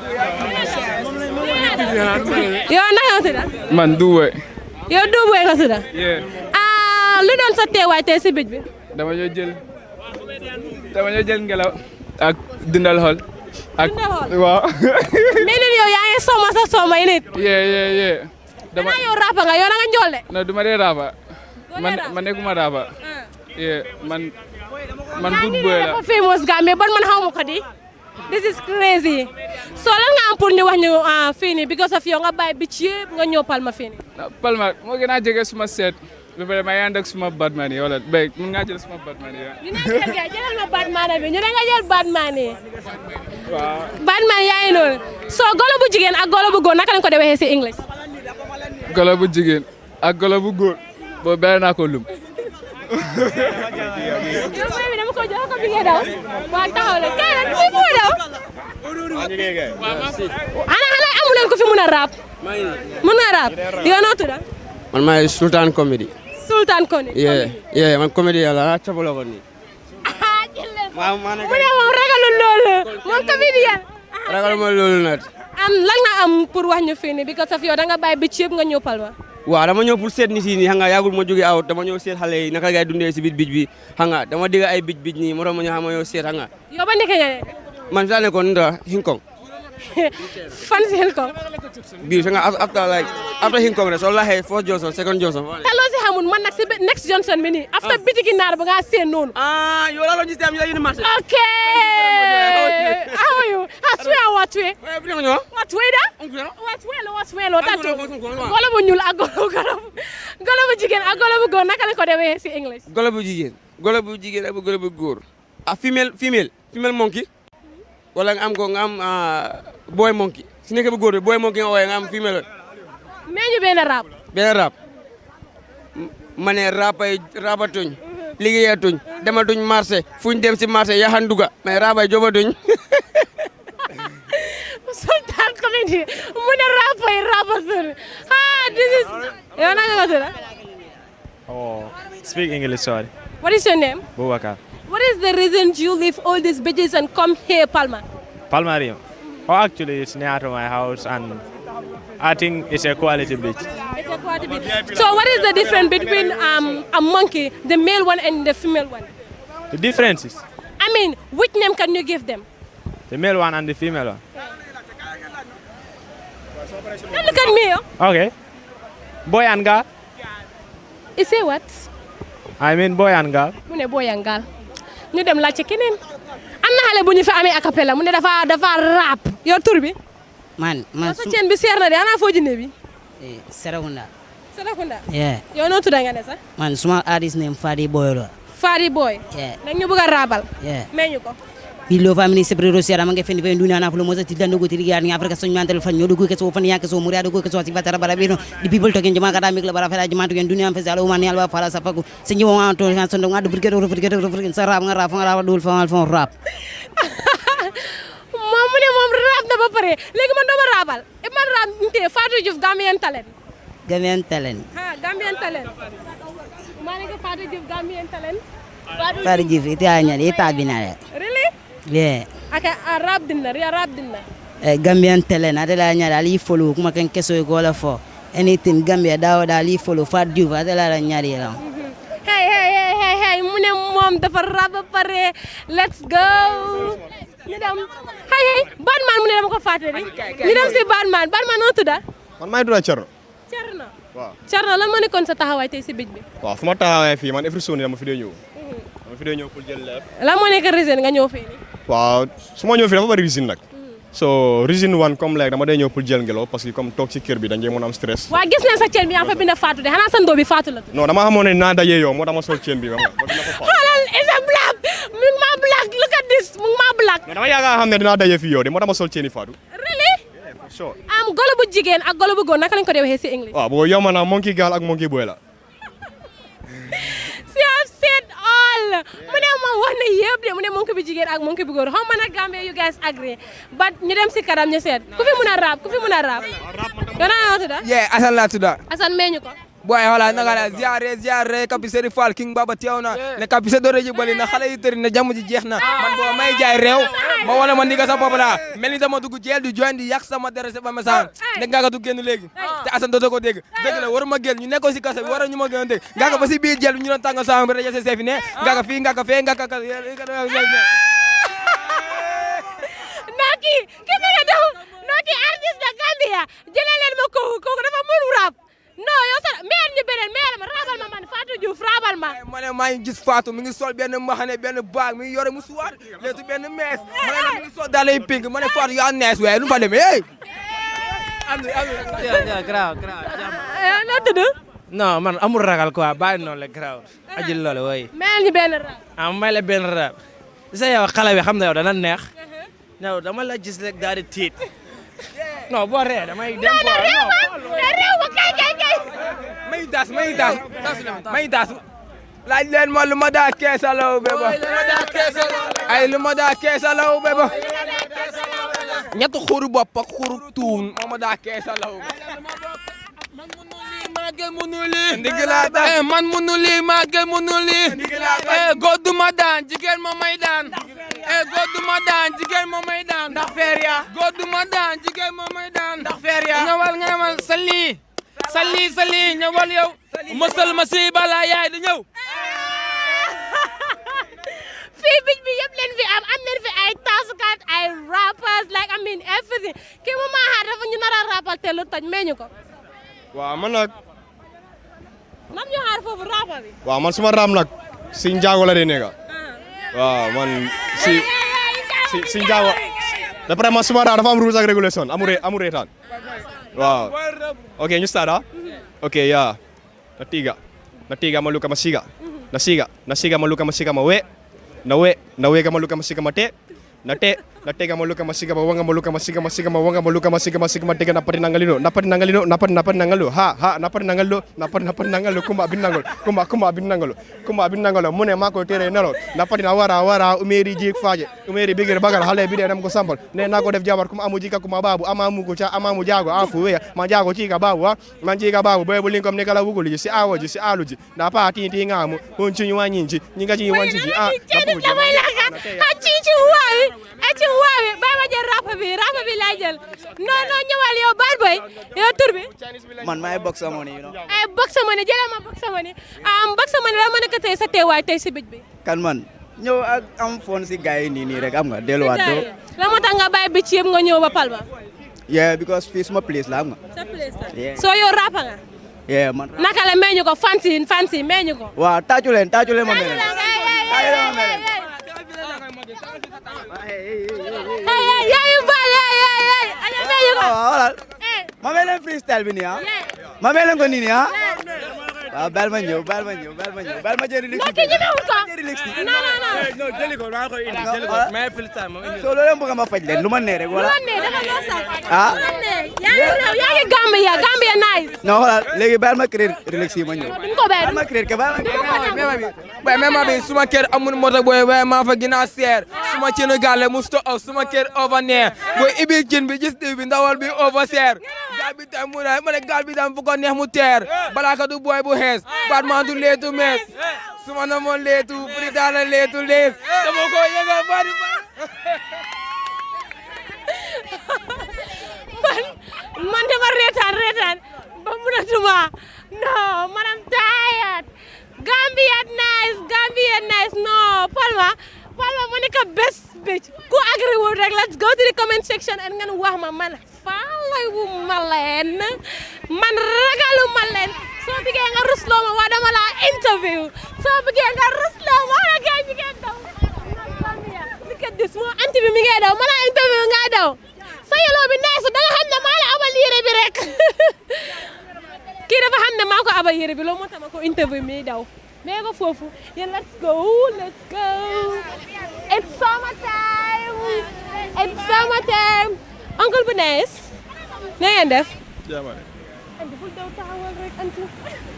daw yow ndax yow da man duwe yow duwe nga si da ah lu doon sa teewaay tey bij bi dama ñoo jël dama ñoo jël ngelaw ak dundal xol ak dundal xol waaw soma sax soma ini. Iya iya iya. dama naa yow raaba nga yow na nga njool de non du ma dee raaba man man nekkuma raaba yee man man good boy la dafa famous ga mais bon man xawma ko di this is crazy so lan nga am pour ñu wax ñu fii ah, nii because of yow nga bàyyi bi ci yëpp nga ñëw Palma fini. Palma moo gën a jege suma seet Daripada may ànd ak suma Batman yi wala béy mun ngaa jël suma Batman yi. ñu nekk kër ga jëlal ma Batman bi ñu ne nga jël Batman yi. Ya. waaw Batman yaa ngi golo bu jigéen ak ah, golo bu góor naka lañ ko dee waxee si English. golo bu jigéen ak ah, golo bu góor boobu benn naa ko lum. yow mooy bi dama ko jox ko bi ngay daw waaw taxaw la kay nag fii fu daw. ana ana amu ah, leen ko fi mun a raap. mun naa raap yow man maay Sultan Comedy. Sultan Kone. yee yee man comédien la ah cobolo ko nii. ah jëlee ko mu ne moom ragalul loolu moom comédien. ragal ma loolu nag. am lan nga am pour ñu fii nii because of yow da nga bi nga ñëw Palma. waaw dama ñëw seet nit yi nii xam ma jógee aw dama ñëw seet xale yi naka ngay dundee si biir bi xam nga dama digg ay bij bij nii moo ma ñëw xam nga yow seet ba nekkee nga ne. man fi laa nekkoon Hinkong. fans Helcom. bii sanga after like after him congress or like first Johnson second Johnson. te loo si xamul man nag si next Johnson bi nii. after ah. bitigi naar ba ngaa seen noonu. ah yow laa doon gis am yow yu ni marché. ok how are you ah tuwe ah waa tuwe. waa tuwe da. waa tuwe la waa tuwe la waa tatu. golo bu ñuul ak golo golo golo bu jigéen ak golo bu góor naka la ko demee si English. golo bu jigéen golo bu jigéen ak golo bu góor. ah female female female monkey. wala nga am ko nga am. Ah, booy monki si nekk bu góor bi booy monki nga ooyee nga am femelle la. mais ñu benn raap. benn raap ma ne raapay raapatuñ liggéeyatuñ dematuñ marché fuñ dem si marché yaxanduga mais raapay jobatuñ. Sultan Comedy mu ne raapay raapatuñ ah this is yow naka nga tudd. oh speak English what is your name. Boubacar. what is the reason you leave all these beaches and come here Palma. Palmarim. Well, actually, it's near to my house, and I think it's a quality beach. It's a quality beach. So, what is the difference between um, a monkey, the male one, and the female one? The difference is? I mean, which name can you give them? The male one and the female one. do look at me. Oh. Okay. Boy and girl. You say what? I mean boy and girl. boy and girl. You them like chicken? xale bu ñu fi amee acapella mu ne dafa dafa raap yow tur bi. man man su ceen bi seer na de ana foo jinne bi. Eh, Serekunda. Serekunda. yow noo tudd nga ne ñu bëgg a raabal. meññu ko. bilo famini se rosi ara manga fendi fendi duna na fulo moza tildan dogo tiri yarni afrika so nyantel fanyo dugu go keso fani yake so muri adogo keso ati batara bara beno di people token jama kada mikla bara fela jama token dunia am fesalo mani alba fala safaku senji wa anto han sondo ngado brigade ro brigade ro brigade sara nga rafa nga rafa dul fam fam rap mom ne mom rap na ba pare legi man dama rabal e eh, man rap nte fatou diouf gamien talent gamien talent ha gamien talent manika fatou diouf gamien talent fatou Jif ite hanya ite abinare aka arab dinna ri arab dinna eh, gambian telen adela nyaade ali folo kuma ken keso ko la fo anything gambia dawo da ali folo fa diu adela la la mm-hmm. hey hey hey hey hey mune mom dafa rab pare let's go ni dam hey hey batman mune dam ko faté ni ni dam ci batman batman no tudda man may dura ciarno ciarno waaw ciarno lan mo ne kon sa taxaway tay ci bij bi waaw fuma taxaway fi man efrisoni dama fi de ñew mm-hmm. dama fi de ñew pour jël leer mo reason nga ñew fi ni waaw su ma ñëw fii dafa bëri nag hmm. so résine one comme léegi dama day ñëw pour jël ngelaw parce que comme toog ci kër bi dañuy mën am stress. waaw gis nañ sa ceen bi yaa fa bind faatu de xanaa sa ndoo bi faatu la. non dama xamoon ne naa dajee yow moo tax sol ceen bi ba xoolal black mu ngi maa black look at this mu ngi maa black. non dama yaakaar xam ne dinaa dajee fii yow de moo tax sol yi faatu. really. sure. am golo bu jigéen ak golo bu góor naka lañ ko dee waxee si anglais. waaw yow monkey gal, ak monkey boy la. yàlla mu ne moom wax na yëpp de mu ne monk bi jigéen ak monk bi góor xaw ma nag Gambie you guys agree but ñu dem si kanam ñu seet ku fi a raap ku fi mun a raap. gannaaw laa tudda. yeah Assane laa tudda. Assane meññu ko. boy wala na nga ziaré ziare Capucin Fall King Baba Tiawna, ne Capucin doo ji bali na xalé yi tëri na jàmm ji jeexna man bo may jaay rew ma wala ma ndiga sa bopp la melni dama duggu jeel du join di yak sama dérese ba ma ne nga du légui té asan do do ko dégg dégg la waruma ma ñu nekk si kasse waru ñuma genn dégg nga ko ba ci biir jeel bi ñu doon tàngal sama bi rajo seef né nga ko fi nga nga ko Naki ki nga Naki artiste de Gambia jëlee leen ma kooku dafa mënu rap non yow sax meer ñu beneen meer ma raabal ma ma. ma ne maa ngi gis Fatou mi ngi sol benn maxane benn baag mi ngi yore musuwaar léegi benn mees eh, ma ne mi ngi sol daal ma nu eh. mu fa demee. am na am non man amul ragal quoi bàyyi noonu la garaaw. Eh. ajil loolu meel ñu benn raab. ah may la benn raab. sa xam na yow dana neex. Uh-huh. yow dama la gis rek daal di tiit. non boo ree damay dem quoi non réew ma kay kay kay may daas may daas laaj leen ma lu ma daa keesalaw beba ay lu ma daa keesalaw beba ñett xuru bopp ak xuru tuun moo ma daa keesalaw maa gën mënu lii. ndigalaa daan eh, man mënu lii maa gën mënu lii. ndigalaa daan eh, góor du ma daan jigéen ma may daan. góor du ma daan eh, jigéen ma may daan. ndax feer yaa. góor du ma daan jigéen ma may daan. ndax feer yaa ñëwal nga ma sali. sali sali ñëwal yow. mësal ma si balaa yaay di ñëw. fii bij bi yëpp leen fi am am leen fi ay taasukat ay rappers like I mean everything kii mu maaxaar dafa ñu nar a rappal te lu toj meñu ko waaw man nag lan man suma raam nag si njaago la dee nekk ah. waaw man si njaago d'après man suma raam dafa am rules ak régulation amu re amu reetaan ok ñu start ah? mhm. ok yaa na tiiga na tiiga ma luka ma siga mhm. na siga na siga ma luka ma siga ma we na we na we ga ma luka ma siga ma te na te Latega moluka masiga bawanga moluka masiga masiga mawanga moluka masiga masiga matega napari nangalino napari nangalino napari napari nangalu ha ha napari nangalo napari napari nangalu kuma abin nangalu kuma kuma abin nangalu kuma abin nangalu mune mako tere nalo napari nawara wara umeri jik faje umeri bigir bagar hale bide nam ko sambal ne nako def jabar kuma amu jika kuma babu ama amu ko cha ama amu jago afu we ya, ma jago chika babu ha ma jika babu bulin kom ne kala wuguli si awoji si aluji na pa tin ti ngamu hunchi nyuwa nyinji nyinga ji wanji nyinji ah ha chi chi huwa e mu woowee bàyyi ma jël rap bi rap bi laa jël non non ñëwal yow boy yow tur bi. man maay box sama ay box sama ni jëlee ma box sama ah, am box sama ni la ma nekk tey sa teewaay tey si bij bi. kan man ñëw am fon si gars yi nii nii rek am nga delluwaat doo. la moo tax nga bàyyi bi ci yëpp nga ñëw ba Palma. yeah because fii suma place la am nga. naka la meññu ko fancy fancy meññu ko. waaw tàccu ma mel. ma mel leen freestyle bi nii ah ma mel ko nii nii ah waaw ah, baal ma ñëw baal ma ñëw baal ma ñëw baal ma jëri lix non kii ñeme wut ko non non non non jëli ko maa koy indi jëli ko ah, ah. mais filta ma indi soo loolee bëgg ma faj leen lu ma nee rek wala lu ma nee dafa doo sax ah yaa ngi Gambia Gambia nice non xoolal léegi baal ma créer relax yi ma ñëw baal ma créer ka baal ma même abi suma kër amul moto booy waaye maa fa gën a seer suma cinu gàlle mu stop oh, suma kër over neer booy ibi cin bi gis bi ndawal bi over seer gaal bi tam mu ne gaal bi tam fu ko neex mu teer balaa ka du booy bu hees Paate Mantou leetu mees su ma namoon leetu Fridana leetu lees dama ko yëgal Paate man man dama reetaan reetaan ba tuma. no man I'm tired Gambia nice Gambia nice no Palma Palma monica best bitch. ku agree with rek let's go to the comment section and ngeen wax ma man faalay wu Malen. man ragalu malen. soo bëggee nga rusloo ma waa dama interview soo bëggee nga rusloo ma wala gars mi daw. look mi ngay daw ma interview nga daw sa yeloo bi neesu da nga xam ne abal yére bi rek kii dafa xam ne maa abal yére bi loolu moo ko interview mi daw. mais ba foofu yéen let's go let's go it's summer time it's summer time uncle bu nees na ngeen def.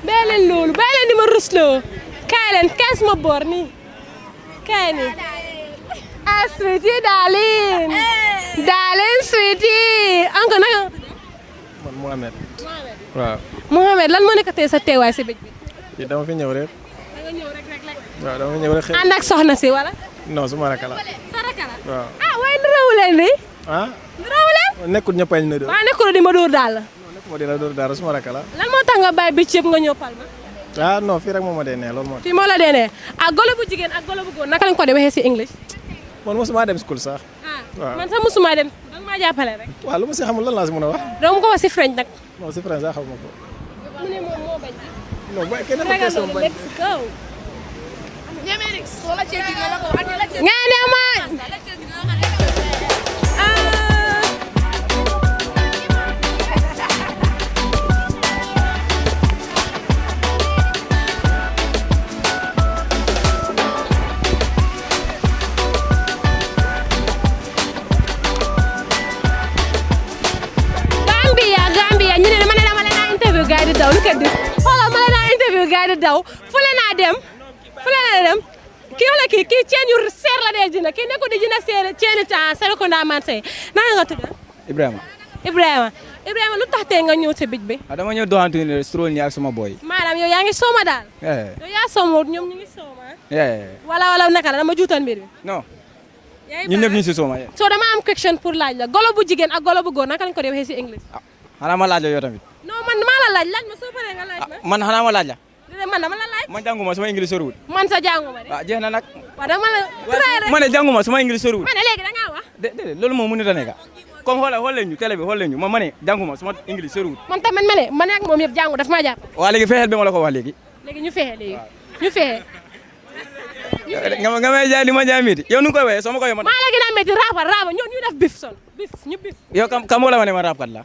bàyyi leen loolu bàyyi leen di ma rusloo kaay leen kaas ma sweetie darling darling sweetie encore naka man Mohamed waaw Mohamed lan moo nekk tey sa teewaay si bëj bi dama wala non su ma ah waaye nu rawu leen di ah nu rawu leen di moo di la dóor dara suma rakk la. lan moo tax nga bàyyi bi yëpp nga ñëw Palma. Ya, ah non fii rek moo ma dee mau? loolu mau fii moo la dee nee ah golo bu jigéen ak golo bu góor naka lañ ko dee waxee si English. man mosuma dem school sax. waaw ah, ah. man sax mosuma dem da nga maa rek. waaw lu ma si xamul lan laa si mën a wax. doo ko wax si French nag. non si French sax xamuma ko. mu ne moom moo bañ. non booy kenn ku question bañ. nga ne ma. look at this xoolal la naa interview gars daw fu naa dem kii wala kii kii ceen seer la dee jina kii nekkul di jina seer ceeni ta Serekunda marché naka nga tudd Ibrahima Ibrahima Ibrahima lu tax tey nga ñëw si bij bi ah dama ñëw doxantu ni strool ñi ak sama boy maanaam yow yaa ngi sooma daal eh. yow yaa sooma ñoom ñu ngi eh. wala wala naka la dama juutan mbir bi non ñun ñëpp ñu si sooma eh. so dama am question pour laaj la golo bu jigéen ak golo bu góor naka non man maa la laaj laaj ma soo paree nga laaj ma. Ah, man xanaa ma laaj la. déedéet man dama la laaj. man jànguma sama anglais soriwul. man sa jànguma de. waaw ah, jeex na nag. waaw dama la. waaw ma ne jànguma sama anglais hola hola ne léegi da ngaa wax. déedéet loolu moom mënut a nekk comme xoolal xool ñu télé bi xool ñu ma ma ne sama anglais soriwul. man tamit ma ma ak moom yëpp jàngu daf maa jàpp. waaw bi ma la ko wax léegi. léegi ñu fexe léegi ñu fexe. nga may jaay li ma jaay métti yow nu koy waxee soo ma koy. maa la gën a métti raaba raaba ñoo ñu def bif sol bif ñu bif. yow kam kam la ma rafa la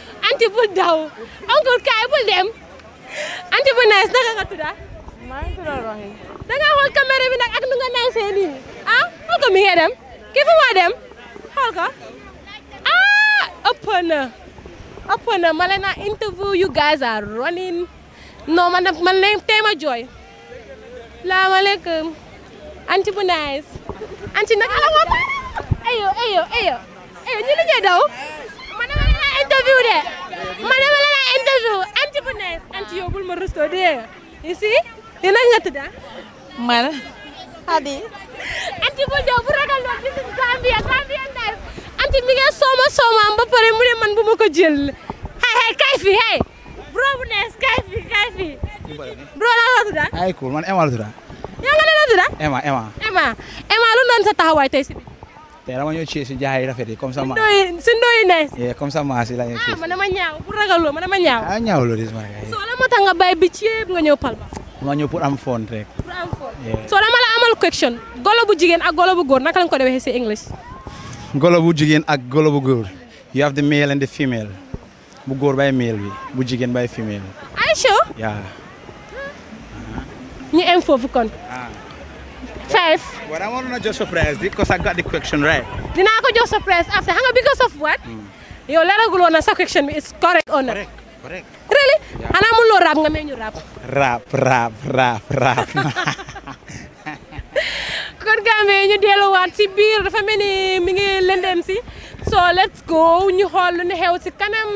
anti bul daw oncle kaay bul dem anti bu nice naka nga tudda maa ngi tudd Roxi da nga xool caméra bi nag ak nu nga nice nii ah xool ko mi ngi dem kii fu moo dem xool ko ah ëpp na ëpp na ma leen naa interview you guys are running non man man leen tey ma jooy salaamaaleykum anti bu nice anti naka la nga ayo ayo ayo ayo ñu li ñuy daw man dama interview de mana mana ente tu ente anti bu nees anti yow bul ma rëstoo dee ici ini nak ngat dah mana Hadi ente bu jow bu ragal kan, doon sini Zambia Zambia nees ente mungkin nga kan sooma sooma am ba man bu ma ko bro bu nees kay bro nak ngat dah ay cool man Emma la yang mana la la tudda Emma Emma Emma Emma lu nanti tahu taxawaay tey tera dama ñoo ci ci jaay rafet yi comme ça ma ndoy ci ndoy ne ye comme ça ma ci eh, la ci man dama ñaaw pour ragal lo dama ñaaw ah ñaaw lo dis ma rek eh. so la mota nga bay bi ci yeb nga ñew ba ma ñew pour am fond rek pour am so la mala amal question golo bu jigen ak golo bu gor naka lañ ko ci english golo bu jigen ak golo bu gor you have the male and the female bu gor bay male bi bu jigen bay female aisho Ya. ñi info fu kon ah. five. Well, I want Dinaa ko jox surprise after xam nga because of what? Hmm. yow leeragul woon sa question bi is correct or not. correct correct. really xanaa nga meññu rap. rap kon Gambe ñu delluwaat ci biir dafa mel mi ngi lëndëm so let's go ñu xool lu ñu kanam.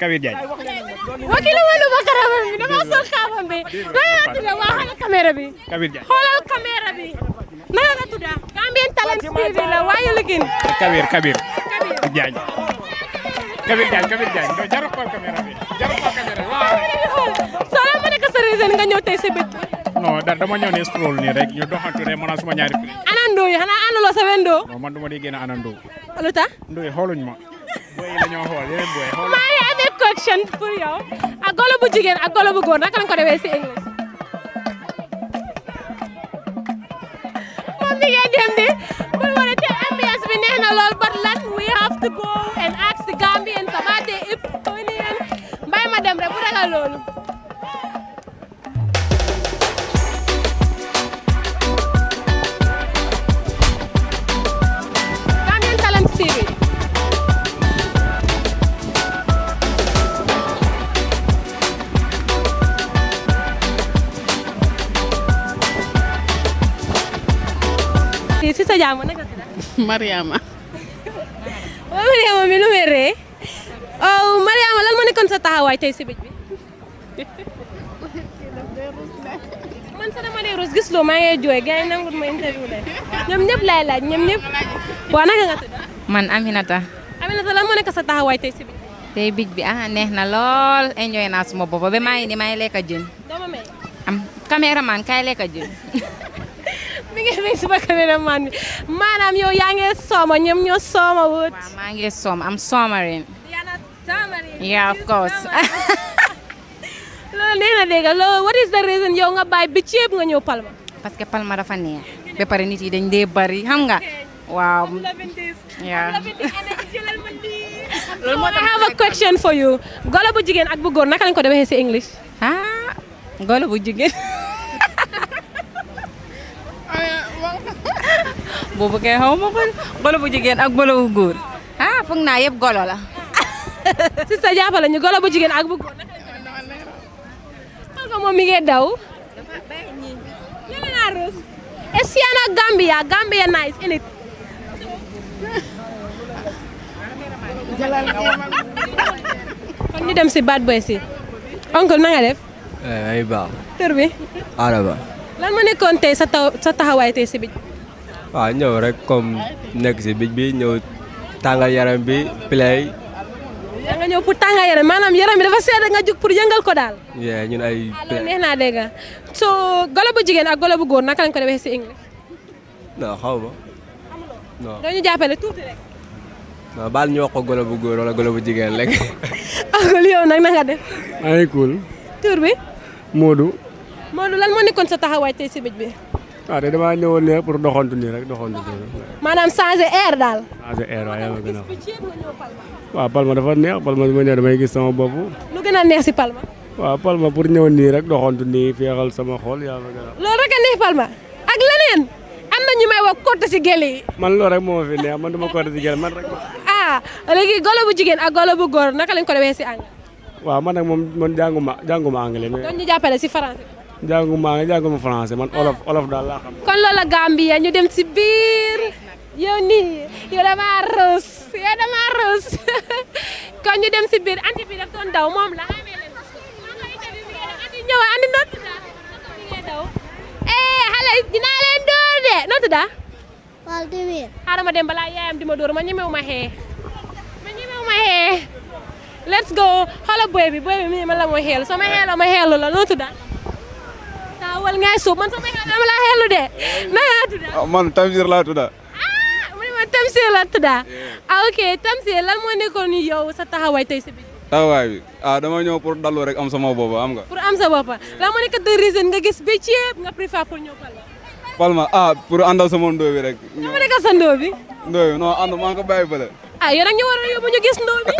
Kabir Diagne wakil wala bakaram bi dama sol xamam bi naya nga tudda kamera bi Kabir Diagne xolal caméra bi na nga tudda Talent TV la wayu ligin Kabir Kabir Kabir Diagne Kabir Diagne Kabir Diagne do jaru ko caméra bi jaru ko kamera wa sala ma nek sa reason nga ñew tay ci bëtt non da dama ñew ne scroll ni rek ñu doxantu rek mëna suma ñaari prix anando yi xana analo anu sa wendo non man duma di gëna anando luta ndoy xoluñ ma boy lañu xol yeneen boy xol attraction pour yow ak golo bu jigéen ak golo bu góor naka lañ ko defee si English. moom mi ngi dem di bul wane te ambiance bi neex na lool but lan we have to go and ask the Gambians about their opinion mbay ma dem rek bu ragal loolu. jamo naka tuda mariama wa mariama mi lu oh mariama lan mana nekkon sa taxaway tay ci bëj man sa dama lay rose gis lo ma ngay joy gaay nangul ma interview lay ñom ñep lay laaj ñom ñep wa naka nga man aminata aminata lan mo nekk sa taxaway tay ci bëj tay bij ah neh na lool enjoy na suma bobo be may ni may lekk jeun dama may am cameraman kay lekk mi ngi mi suma cameraman yow yaa ngi sooma ñoo wut ngi am somarin yeah of course what is the reason yow nga bàyyi bi ceeb nga palma parce que palma dafa ya. neex ba pare nit yi dañ bari xam nga waaw yeah I have a question for you golo bu jigéen ak bu góor naka lañ ko English ah golo bu bobo ke homo kan, golo mau jigen agak golo ugur. goor ha fuk na golo la ci sa jaba lañu golo bu jigen ak bu goor naka mom mi ngi daw Lena Gambia Gambia nice in it Kon ñu dem si bad boy si. Uncle na nga ya, def Eh ay ba Tur Araba lan mo nekkoon tey sa taw sa taxawaay tey si bij waaw ñëw rek comme nekk si bij bi ñëw tàngal yaram bi play da nga ñëw pour tàngal yaram maanaam yaram bi dafa sedd nga jug pour yëngal ko daal yeah ñun ay ah, play neex naa dégg so golo bu jigéen ak golo bu góor naka lañ ko defee si english non xaw ma non dañu jàppale tuuti rek non baal ñu wax ko golo bu góor wala golo bu jigéen rek akul yow nag na nga def ay cool tur bi Modou Modou lan mo nekkon sa taxaway tay si bi. ah de dama ñewon ne pour doxantu ni rek doxantu nii. maanaam changer air dal changer air waaw yow gëna wa Palma dafa neex Palma dama ma ñëw damay gis sama bop lu gëna neex ci Palma. wa Palma pour ñëw ni rek doxantu ni fexal sama xol yaa gëna lo rek neex Palma ak leneen am na ñu may wax côté ci gel yi. man lo rek mo fi neex man duma côté ci gel man rek. ah legi golo bu jigen ak golo bu gor naka lañ ko dewee ci anglais. wa man nag mom man janguma janguma anglais. mais doon ñu jàppale si français jànguma jànguma français man olof olof daal laa xam. kon loola Gambia ñu dem ci biir yow nii yow damaa rus yow damaa rus kon ñu dem ci biir anti bi daf doon daw moom la xamee leen anti ñëw anti noo tudda eh xale dinaa leen dóor de noo tudda wal di wér ma dem balaa yaayam di ma dóor ma ñemewu ma xee ma ñemewu ma xee let's go xoolal boy bi boy bi mi ma la ma xeel soo ma xeeloo ma xeelu la noo tudda awal ngay so man sama xel dama la xelu de na nga tudda oh, man tamsir la tudda ah mu man tamsir la tudda ah ok tamsir lan mo ni yow sa taxaway tay sa bi taxaway bi ah dama ñew pour dalu rek am sama boba am nga pour am sa boba la mo nekk de reason nga gis bi ci ya, nga prefer pour ñew palma palma ah pour andal sama ndo bi rek dama nekk sa ndo bi ndo no andu man ko baye bele ah yo nak ñu wara yobu ñu gis ndo bi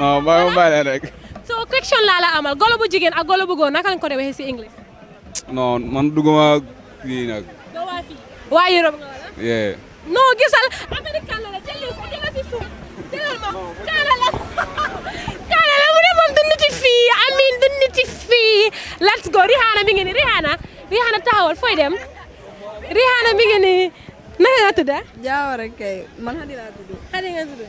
non baye baye rek so question la la amal golo bu jigen ak ah, golo bu go nakal ko de ci english non man duguma fi nak doo waa Europe nga wala. yeah. No, gisal america la la jëlee ko jëlee fi fu jëlal ma kala la kala la mu ne moom dund ci fii Amine dund ci fi let's go rihana mi ngi ni rihana rihana taxawal foy dem rihana mi ngi ni na nga tudd jaawara kay man Hadi la tuddu Hadi nga tuddu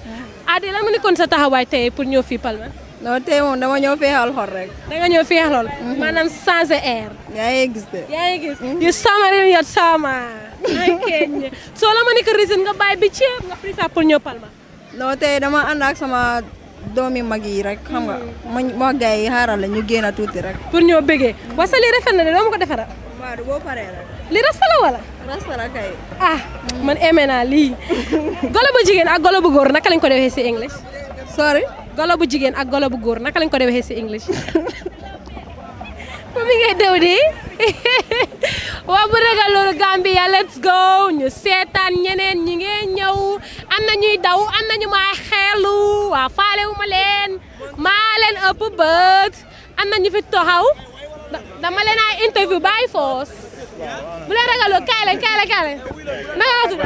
adi la mu kon sa taxaway tay pour ñëw Palma No tey moom dama ñëw feexal xol rek da nga ñëw feexal xol mhm. maanaam changer air Ya ngi gis de yaa ngi gis mhm. yu samarin yot sama kenn soo la ma ni ko reason nga bàyyi bi ceeb nga préfère pour ñëw palma dama ak sama domi magi yi rek xam nga mhm. ma ma gars yi xaaral la ñu génn tuuti rek pour ñoo bégee wasa rafet na ma waaw boo rek li rasta wala rasta kay ah man aimé naa lii golo bu jigéen ak golo bu naka lañ ko english sorry golo bu jigen ak golo bu gor naka lañ ko dee ci english english mi ngay daw di wa bu ragal Gambia let's go ñu seetaan ñeneen ñi ngay ñew am na ñuy daw am na ñu may xeelu wa faale wu ma len ma len ëpp bët am na ñu fi taxaw dama leen ay interview by force bu leen lo, kaay leen kaay leen kaay leen naka laa tudd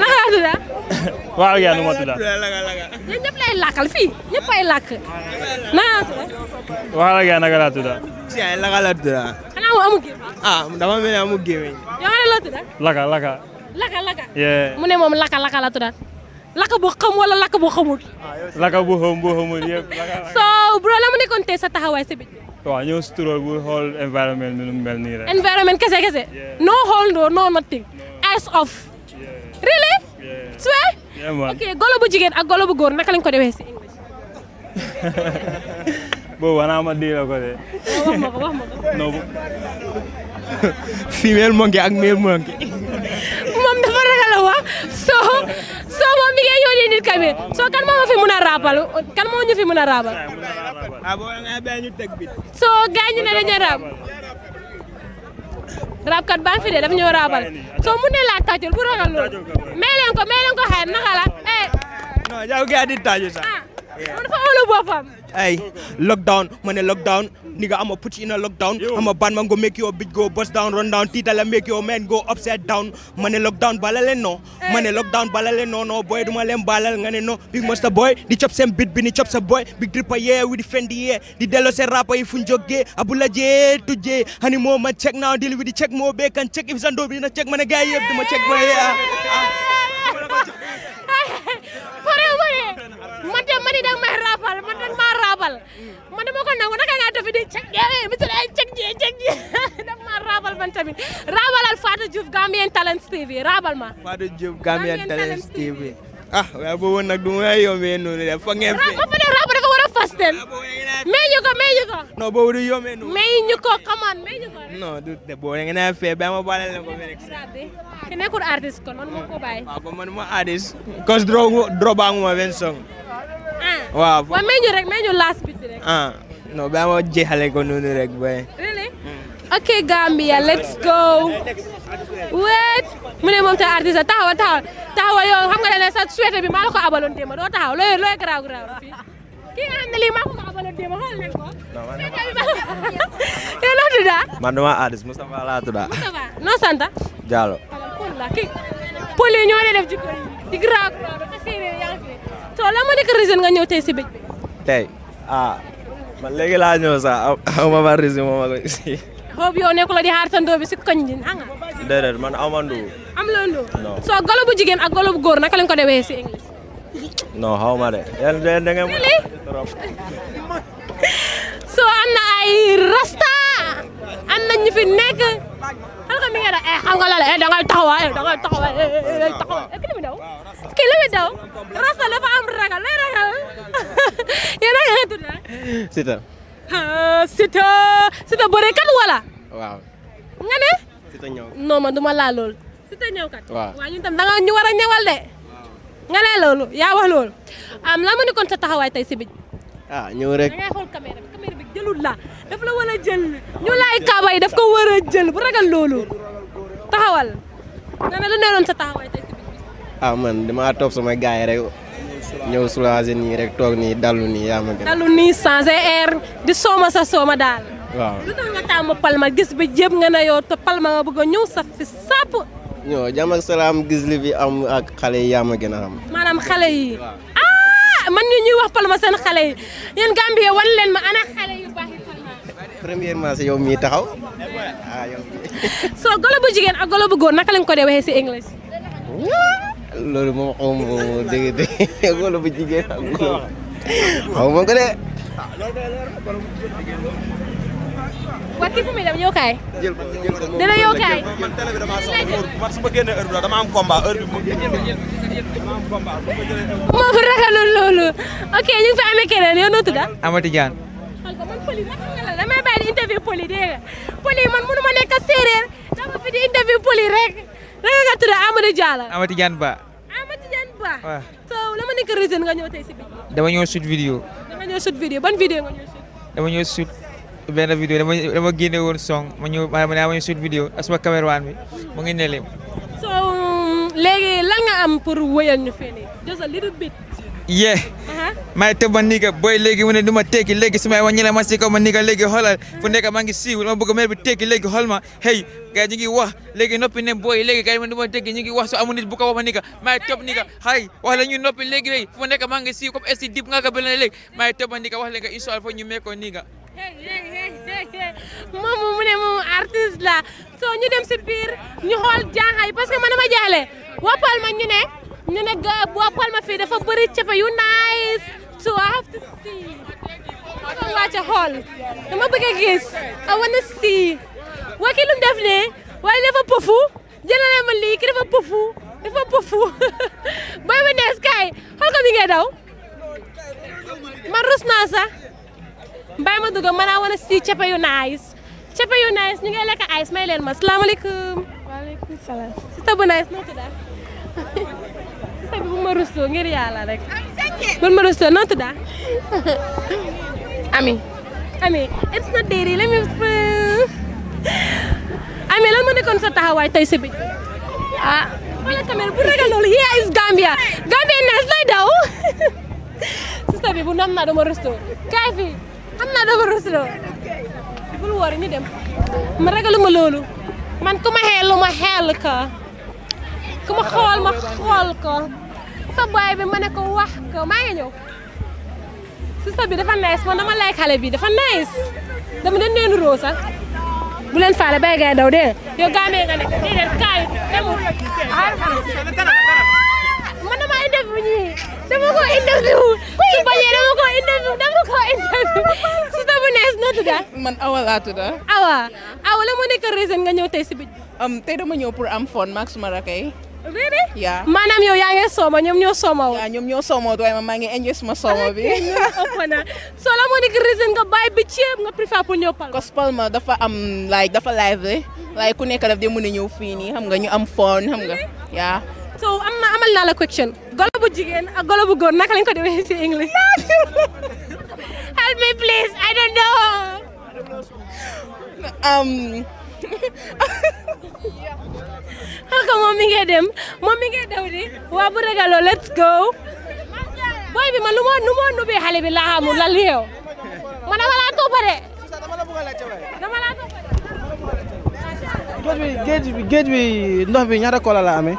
naka laa tudd waaw yaa nu ma tudd ñun ñëpp lay làkkal fii ñëpp ay làkk naka laa tudd waaw yaa naka laa tudd si ay laka laa tudd xanaa mu amu ah dama mel ni amu gémmiñ yow nga ne loo tudd laka laka laka laka mu ne moom laka laka la tudd laka bu xam wala laka bu xamul laka bu xam bu xamul yëpp so bro la mu nekkoon tey sa taxawaay si biir waaw ñëw si tural bu xool environnement bi nu mu mel nii rek. environnement kese kese. no xool no no nothing. As of, really. swear. ok golo bu jigéen ak golo bu góor naka lañ ko defee si English. boobu wanaa ma dii la ko de. wax ma ko wax ma ko. female monkey ak male monkey. moom wa soo soo moom mi ngi yónnee nit kami soo kan moo ma fi mën a raabal kan moo ñu fi mën a raabal. Ah, soo gaañu ne dañuy raab raabkat baa fi de daf ñoo raabal soo mu ne laa tàccul bu ragal loolu mee leen ko mee ko xayma naka la. Eh. non yow gars di tàccu sax. Ah, man fa olu Hey, lockdown, man, lockdown. Nigga, I'ma put you in a lockdown. I'ma ban man, go make your bitch go bust down, run down. Tita Titala make your man go upside down. Man, lockdown, balale no. Man, lockdown, balale no. No boy, do my lem balal ngane no. Big master boy, the chop same beat, bini chop a boy. Big dripper yeah, we defend the yeah. The delo say rapper if unjoge. Abula J to J. Honey more man check now, deal with the check more back and check if zando bina check man a guy yeah, do my check boy yeah. Pare pare. Mata mani dang raabal man dama ko nangu naka laa dafa di cek yéen eh, monsieur ay cek ji cek ji daf maa raabal man tamit raabalal Fatou Diouf Gambian Talents TV raabal ma. Fatou Diouf Gambian Talents TV. ah waaw boobu nag du ma yombee noonu de foog ngeen. raabal ba pare raabal dafa war a fas dem. mais ñu ko mais ñu ko. non boobu du yombee noonu. mais ñu ko come on mais ñu ko. non du de boobu da nga naan fee ba ma boole la ko rek. ki nekkul artiste kon man moo ko bàyyi. waaw kon man ma artiste. cause drogue drogue baa ngu ma benn song. waaw waaw mais ñu rek mais ñu last bit ah, noonu rek booy. really ok Gambia let's go. wait mu ne moom ta artiste taxawal taxawal taxawal yow xam nga ne sa sweater bi maa la abaloon démb doo taxaw looy looy garaaw garaaw fii kii nga ne lii maa ko ma abaloon démb xool leen ko. yow loo tudd man dama artiste Moustapha laa tudd. Moustapha noo fi. to la mo nek reason nga ñew tay ci bej tay ah man léegi la ñew sa awma ba reason mo ma ko ci hope yo nekula di haar tan do bi ci koñ bi nga déedéet man awma ndu am la ndu so golo bu jigéen ak golo bu góor naka lañ ko dewe ci english no xawma de yéen de da ngeen so amna ay rasta amna ñu fi nek xam nga mi nga da eh xam nga la la eh da ngay taxawaay da nga taxaw eh taxawaay eh kii mi daw kii la muy daw rasta dafa am ragal lay ragal yéen a ngi lay tudd. Siteu. Siteu Siteu bëreekat wala. waaw. nga ne. Siteu ñëw non lool. Siteu ñëw de. nga ne loolu yaa wax loolu. am la ma ni kon sa taxawaay tey si biir. ah ñëw rek bi caméra bi la daf la war a jël ñu laay kaaba yi daf ko war a bu ragal loolu taxawal nga ne lu ne doon sa taxawaay tey. ah man damaa sama gars yi rek ñëw soulager nih rek toog nii dalu nii yaa gën air di soma sa soma dal waaw lu tax nga tàmm palma gis bi jëpp nga na yow te palma nga bëgg a salam saf fi sàpp ñoo ak salaam gis li am ak gën ah man ñu ñuy wax palma sen xale yi yéen Gambie ma ana xale yu bahi palma premièrement c'est yow mi taxaw ah yow so golo bu jigéen ak golo bu góor naka lañ ko loolu moom xaw ma ko dégg dégg wala bu jigéen ak góor xaw ma ko de. waa kii fu muy dem yow kaay. jël ko jël ko dina yow kaay. man télé bi damaa soxla heure man su ma génnee heure bi dama am combat heure bi dama am combat. moo ko ragalul loolu ok ñu ngi fa amee keneen yow noo tudd Amady Diagne. xam nga man poli ragal nga la damay bàyyi di interview poli dégg nga poli man mënu ma nekk séeréer dama fi di interview poli rek rek nga tudd Amady Diagne. Amady Diagne Ba. Amady Dieng Ba. waaw soo la ma nekk réseau nga ñëw tey si biir. dama ñëw shoot vidéo. ban vidéo dama ñëw shoot benn vidéo dama dama génne woon song ma ñëw ma ne ma ñëw shoot vidéo asuma bi mu ngi ne leen. soo léegi lan nga am pour wéyal ñu fii nii a little bit. ye uh-huh. may tëb ma niga boy léegi mu ne du ma tekki léegi su may wàññile ma si ma niga léegi xoolal fu uh-huh. nekk maa ngi siiwul ma bëgg mel bi tekki léegi xool ma hey gars ñu ngi wax léegi noppi ne boy léegi gars yi ma du ma tekki ñu ngi wax su amul nit wax ma niga may tëb niga hay wax la ñu noppi léegi wey fu nekk maa ngi siiw comme est dib nga ka léegi may tëb ma niga wax leen nga inshallah fo ñu meekoo niga moom mu ne moom artiste la soo ñu dem si biir ñu ne ga Bois Palma fii dafa bëri cepe yu nice so I have to see dama wàcce xool dama bëgg a gis I wanna see waa kii lu mu def ne waaye dafa pëfu ma lii ki dafa pëfu dafa pëfu booy ma nees kaay xool ko mi ngay daw man rus naa sax ma dugg man I wanna see cepe yu nice cepe yu nice ñu ngay may leen ma salaamaaleykum waaleykum si tabu nice noo tudd affaire bi bu ma rustoo ngir yàlla rek. man ma rustoo noo tudd Ami. Ami it's not dairy let me. Ami lan ma nekkoon sa taxawaay tey si bi. ah wala caméra bu ragal loolu here is Gambia Gambia nees lay daw. sista bi bu am naa dama rustoo kaay fii am naa dama rustoo. ma loolu man ku ma ma xeel ko ku ma ma xool ko. sa boy bi ma ko wax ko maa ngi ñëw sister bi dafa nice man dama lay xalé bi dafa nice dama dañ leen roo sax bu len faale bay gay daw de yow gamé nga ne déedéet kaay demul man dama interview ñi dama ko interview su bañee dama ko interview dama ko interview sister bu nice no tuda man awal atuda awa awa la moo nekk raison nga tay ci bi am um, tay dama ñew pour am fon maak rakay really yeah maanaam yow yaa ngi sooma ñoom ñoo sooma woon ñoom ñoo sooma waaye man maa ngi enjoy suma sooma bi so la moo nekk reason bi ceeb nga préfère pour ñëw Palma dafa am like dafa lively like ku nekk daf dee mën a ñëw fii xam nga ñu am fun xam nga yaa so am na amal naa la question golo bu jigéen ak golo bu góor naka lañ ko defee si anglais help me please I don't know um, dem moom mi ngay daw di wa bu regalo let's go boy bi ma lu mo nu ma nubee xale bi laa xamul lan yeew ma dama laa toppa de dama laa toppa de géej bi géej bi ndox bi ñaata kola la amee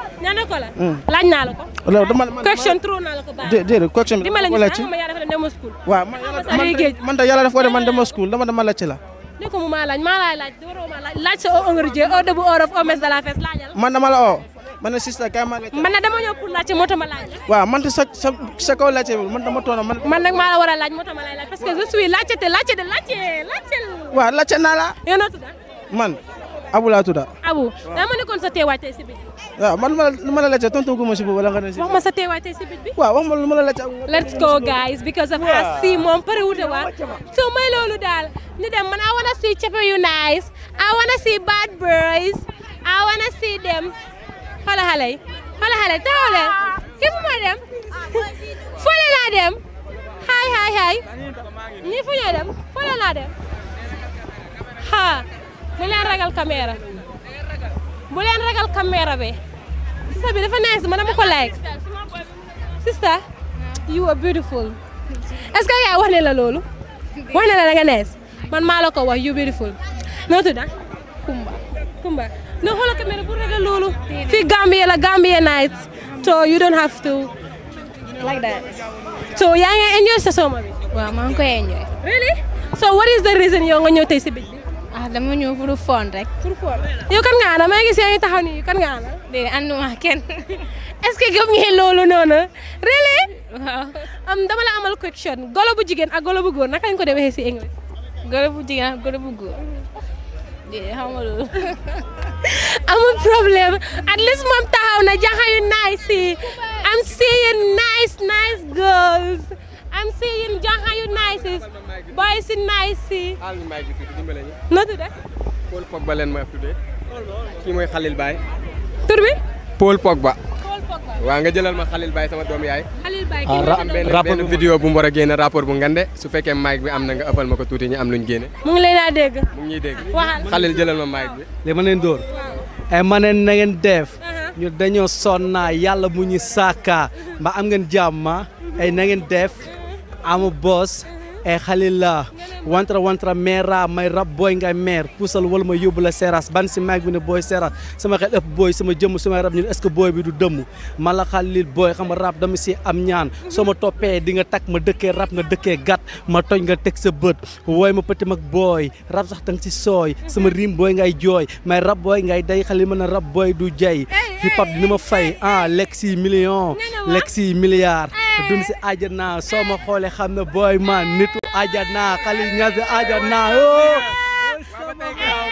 kola hmm. la ko dama question trop naa la ko baax question dama ah, la ci ma school waaw ah, man dama school dama dama la ci la ne ko mu ma laaj ma laaj laaj ma debu ma a sister kaay ma laajte. man a dama ñëw pour laajte moo tax ma laaj. waaw man de sa sa man dama toog man. man nag la war a laaj moo ma lay laaj parce que je te laajte de laajte laajte. waaw laajte naa la. yéen a tudda. man Abu laa tudda. Abu daa ma nekkoon sa teewaay tey si bit man lu ma la laajte tontu gu ma si boobu wala si. wax wax ma lu ma la laajte. let's go guys because of us si moom pare wute waat so may loolu daal ñu dem man I wanna see chape yu nice I wanna see bad boys I wanna see them xala xale yi xala xale taxaw ma dem fële laa dem xaay xaay xaay ñii fu dem fële laa dem xaa bu leen ragal caméra bu leen ragal caméra bi sista bi dafa nice ma dama ko like sista you are beautiful est-ce que wax ne la loolu wax ne la da man maa la wax you beautiful noo tudd Kumba No, hold camera, burraga lulu. Fi Gambia la Gambia night. So you don't have to like that. So yang enjoy sa soma bi. Wa ma ko enjoy. Really? So what is the reason yo nga ñew tay ci bij Ah dama ñew pour fond rek. Pour fun Yo kan nga ana ma ngi sey taxaw ni kan nga ana? Dede anduma ken. Est-ce que gëm ngeen lolu nona Really? Am dama la amal question. Golo bu jigen ak golo bu goor naka ñu ko dé ci english? Golo bu jigen ak golo bu goor. Yeah, am a problem. at least mom taxaw I jaxa yu nice I'm seeing nice nice girls I'm seeing how you nice yi boys in nice yi noo Paul Pogba leen mooy ab tuddee kii Khalil Baye tur Paul Pogba waaw nga jëlal ma Khalil Baye sama doomu yaay. Ah, rapport benn vidéo bu mu war a génne rapport bu ngande su fekkee mic bi am na nga ëppal ma ko tuuti ñu am luñ génne. mu ngi lay naa dégg. mu ngi ñuy jëlal ma mic bi. li ma leen dóor. ay eh, ma ne na ngeen def. Uh-huh. ñu dañoo sonna yàlla mu ñu saaka. mba am ngeen jàmm ay eh, na ngeen def. amu boos. Eh khalila wantra wantra mera may rap boy ngay mer pusal wol ma yobul seras ban si mag ne boy seras sama xel ep boy sama jëm sama rap ni est ce boy bi du dem mala khalil boy xam rap dama si am ñaan sama topé di nga tak ma rap, rap nga dekké gat ma toj nga tek sa beut way ma petit mak boy rap sax tang ci soy sama rim boy ngay joy may rab boy ngay day khalil man rap boy du jay hip hop dina ma fay ah lexi million lexi milliard dun ci aljana soma xolé xamna boy man nit Fatou na Khaly Niass ajana oo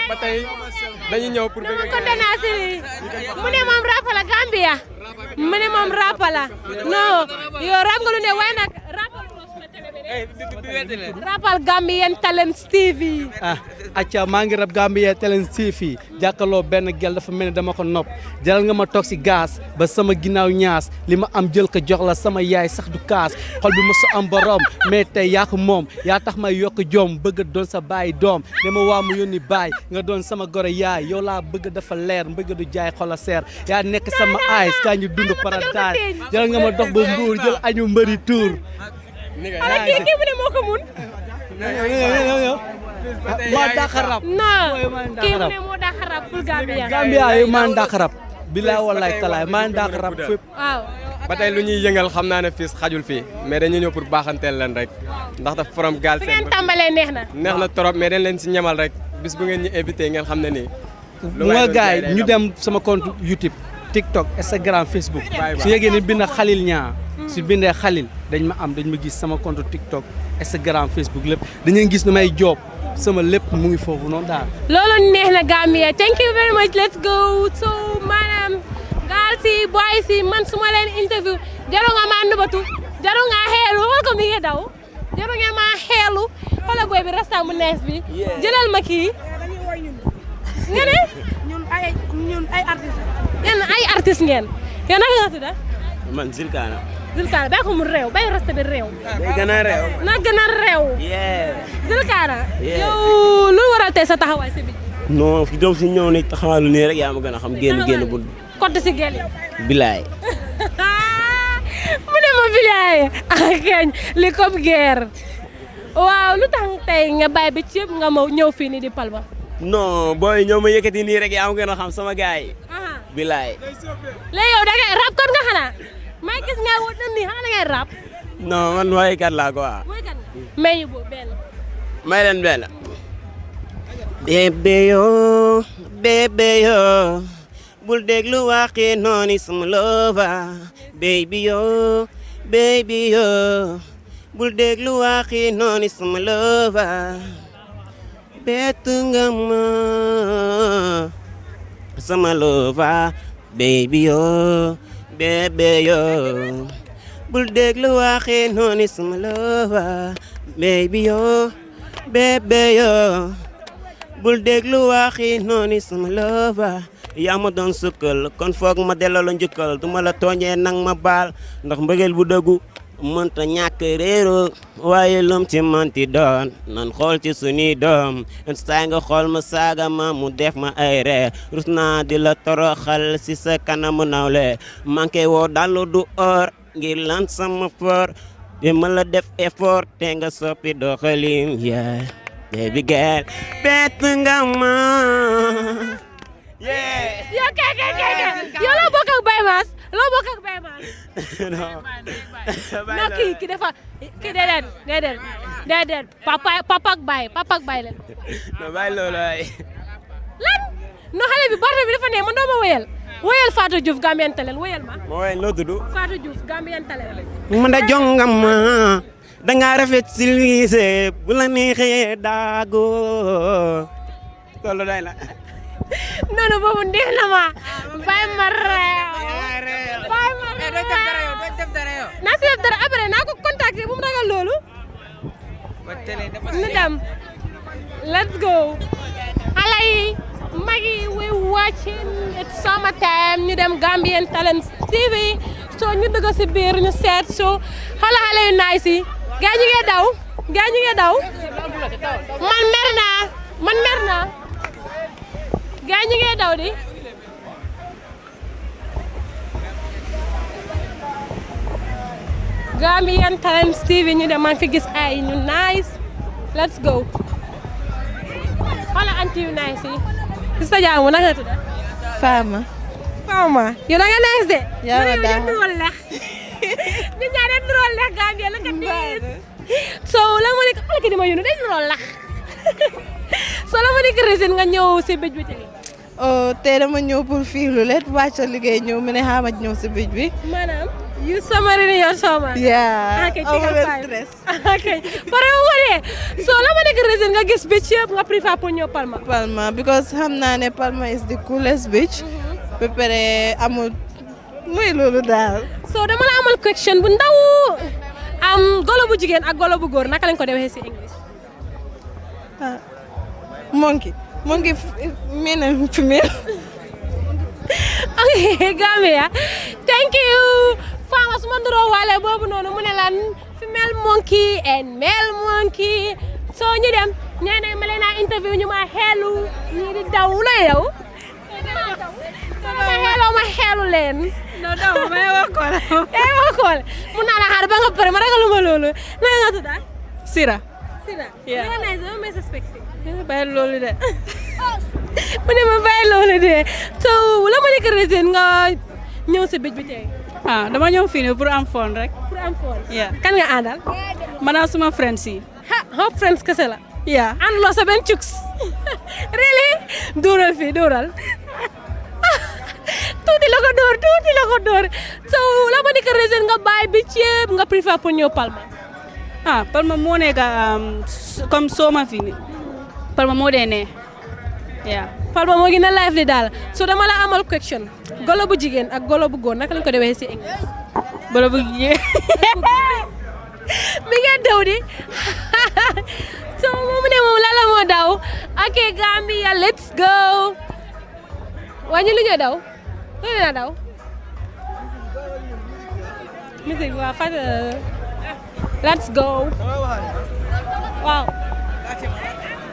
ba tey dañu dama kontaan naa si mu ne moom rap la Gambia mu ne moom rap la non yow rap nga lu ne waaye nag rabal Gambian Talents TV. ah acca maa ngi rab Gambian Talents TV jàkkaarloo benn gel dafa mel ni dama ko nopp jëlal nga ma toog si gaas ba sama ginnaaw ñaas li ma am jël ko jox la sama yaay sax du kaas xol bi ma su am borom mais tey yaa moom yaa tax may yokk joom bëgg doon sa baay doom ne ma waa mu yónni baay nga doon sama goro yaay yow laa bëgg dafa leer mbëgg du jaay xola seer yaa nekk sama aay kaa ñu dund paradise jëlal nga ma dox añu mbëri tuur على كيكي ولا موكمون ما دا خراب نا كي ولا مو دا خراب في الغامبيا غامبيا ما دا خراب بالله والله تعالى ما دا خراب فيب ba tey lu ñuy yëngal xam naa ne fii xajul fii mais dañu ñëw pour baaxanteel leen rek ndax daf forom gaal seen ngeen tàmbalee neex na neex na trop mais dañ leen si ñamal rek bis bu ngeen ñu invité ngeen xam ne nii lu ma gaay ñu dem sama compte youtube tiktok instagram facebook su yegge ni bind Khalil Si su bindee Khalil, dañ ma am dañ ma gis sama compte tiktok instagram facebook Dañ dañuy gis numay job sama lepp mu ngi fofu non daal loolu neex na gambia thank you very much let's go so Madam, Gal, si boy si man suma ma interview Jaro nga maa nubatu Jaro nga xeelu xool ko mi ngi daw Jaro nga ma xeelu xoola boy bi resta mu nees bi jëlal ma ki. Ngene? ñun ay ñun ay artiste yéen ay artiste ngeen yow naka nga tudd man Zilkaana Zilkaana bàyyi ko mu réew bàyyi rasta bi réew day gën a réew na gën a Yeah. Zilkaana yow lu waral tey sa taxawaay si bi non fi doom si ñëw ne taxawaalu nii rek yaa ma gën xam génn génn bu kott si gel yi mu ne ma bilaay akañ ah, li waaw lu tax tey nga bàyyi ba ci nga di Palma non boy ñëw ma ya nii rek yaa ma xam sama gars bilaay. léegi yow da ngay rap kon nga xanaa may gis ngay wut na nii xanaa da ngay rap. non man woykat laa quoi. may ñu boobu benn. may bul déglu waxi noonu sama lova baby bul déglu waxi noonu sama lova bett sama lover baby yo bébé yo bul déglu waxee noonu sama lover baby yo bébé yo bul déglu waxi noonu sama lover yaa ma doon sukkal kon foog ma delloo la njukkal du ma la tooñee nang ma baal ndax mbëggeel bu dëggu mënta ñak réeroo waye lum ci ti doon nan xol ci suni doom saay nga xol ma saga ma mu def ma ay re rusna di la toroxal ci sa kanam nawle manke wo dalu du or ngir lan sama for bi ma def effort te nga soppi doxalin yeah baby girl bet nga ma Yeay. Ya oke oke oke. Ya lo bakal bae mas. Lo bakal bae mas. No. No ki ki defa. ki deden, deden. Deden. papa papak bae papak bae lan. No bae lo lay. Lan no hale bi barta bi defa ne man do ma wayal. Wayal Fatou Diouf Gambian talel, wayal ma. Ma wayal lo dudu. Fatou Diouf Gambian talel. Mu da jongam ma. Da nga rafet silise bu la neexee daago. Loolu day la. noonu boobu neex na ma bàyyi ma réew bàyyi ma réew naa si def dara naa ko contacter bu mu ragal loolu ñu dem let's go xale yi mag yi we watching time ñu dem Gambian Talents TV so ñu dugg si biir ñu seet so xale xale naay si gaa ñi daw gaa ñi daw man mer naa man mer naa gaa ñi ngay daw di Gambian Times TV ñu dem man fi gis ay ñu nice let's go xoolal anti yu nice yi si sa jaamu naka la Fama Fama yow da nga nice de yaa ma daa la ñu ñaare drôle la Gambia la ka diis so la mo nek alkadi ma yunu dañ drôle la soo ya ni ma nekk nga ñëw si bëj bi tey tey dama ñëw pour let watch liggéey ñëw mu ne xaamat ñëw si bëj bi You summary ni your summer. Yeah. Ah, okay, take your time. okay. Para wale. So lama nek reason nga gis beach yep nga prefer po ñoo Palma. Palma because xam ne Palma is the coolest beach. Mm -hmm. Uh-huh. Pepere amul muy lolu dal. So dama la amal question bu ndaw. Uh. Am golo bu jigen ak golo bu gor naka lañ ko dewé ci English? monkey. Monkey male and female. okay, Gambia. Thank you. Farmers Mondoro Wale Bobu Nono Munelan. Female monkey and male monkey. So, ñu dem nee na ma leen a interview ñu ma xeelu ñi daw la yow. ma xeeloo ma xeelu leen. non non ma yeewoo koole. yeewoo koole mun naa la xaar ba nga pare ma ragaluma na nga tudd Sira. Sira. dina bàyyi loolu de mu ne ma de so la ma nek reason nga ñew si bij bi tey ya? ah dama ñew fini pour am fon rek pour am fon ya kan nga andal man ak suma friends yi ha hop friends kese la iya. and lo sa ben chuks really Dural, fi, dural. tuuti la ko dor tuuti la ko dor so la ma nek reason nga bay bi ceeb ya? nga préfère pour ñew Palma ah Palma moo nekk um, comme sooma ma nii Palma Modene. yeah. Palma mo gina live li sudah so dama la amal question golo bu jigen ak golo bu inggris nak lañ ko dewe ci English golo bu jigéen mi ngeen daw di so moom ne la la mo daw Okay Gambia let's go wañu lu ñu daw lu ñu daw musique wa fa let's go wow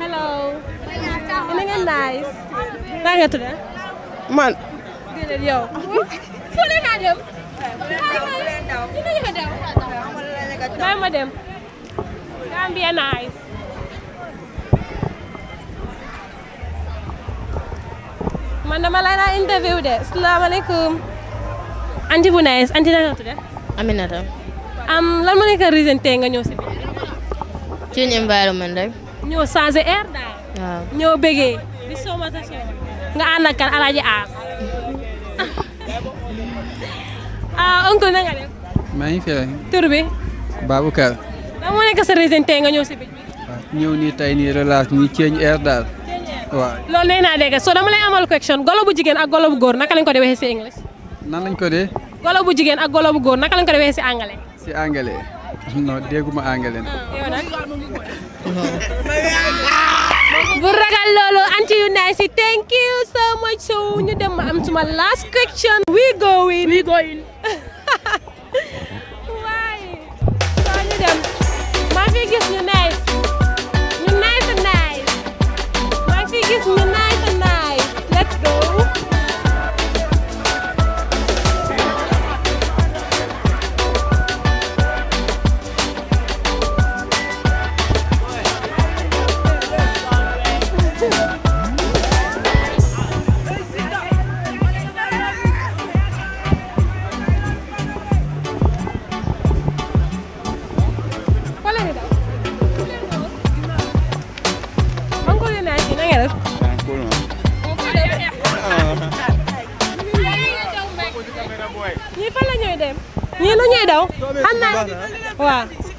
hello ina kan nga nice na nga ya, tudde man dedet yow fu le na dem ina nga daw bay ma nice man dama la na interview de assalamu alaikum anti bu nice anti na nga tudde am lan mo nek reason tey nga ñëw si change environment rek. ñëw changer air da ñëw di somatation nga ànd kan, alaaji a ah oncle na nga def. maa ngi fi rek. tour bi. Baboucar. lan mo nek sa reason nga ñëw ci bi ñëw ni tay ni relax ni change air daal. waaw Lo nee naa dégg dama lay amal question Golobujigen, bu ak golo bu naka lañ ko di English. nan lañ ko dee. golo bu ak golo bu naka lañ ko anglais. ci bu ragal loolu anti yu naay si thank you so much so ñu dem ma am suma last question we going we going waay soo ñu dem maa fi gis ñu nice ñu nice nice maa fi gis ñu nice xam naa waaw xam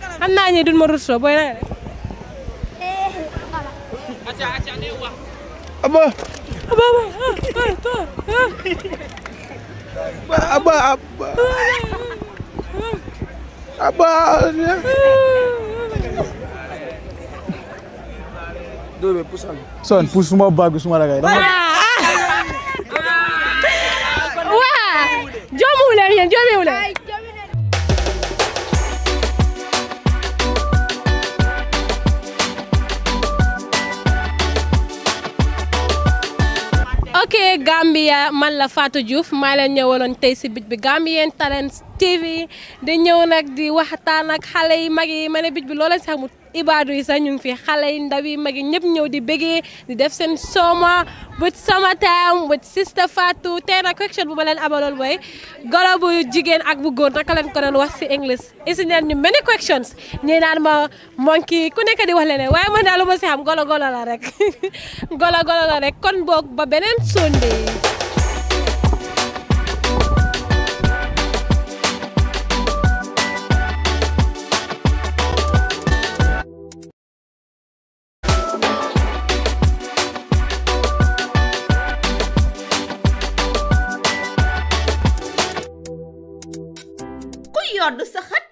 Son, pousse-moi au pousse-moi la Gambia man la Fatou Diouf maa leen ñëwaloon tey si bij bi Gambian Talents TV di ñëw nag di waxtaan ak xale yi mag yi ma ne bij bi loo leen sax ibaadu yi sax ñu fi xale yi ndaw yi mag yi ñëpp ñëw di bëggee di def seen sooma with summertime with sister Fatou tey nag question bu ma leen abaloon mooy golo bu jigéen ak bu góor naka leen ko doon wax si english isi neen ñu many questions ñi naan ma monkey ku nekk di wax leneen waaye man daal lu ma si xam golo golo la rek golo golo la rek kon boog ba beneen sonde noddu sa xat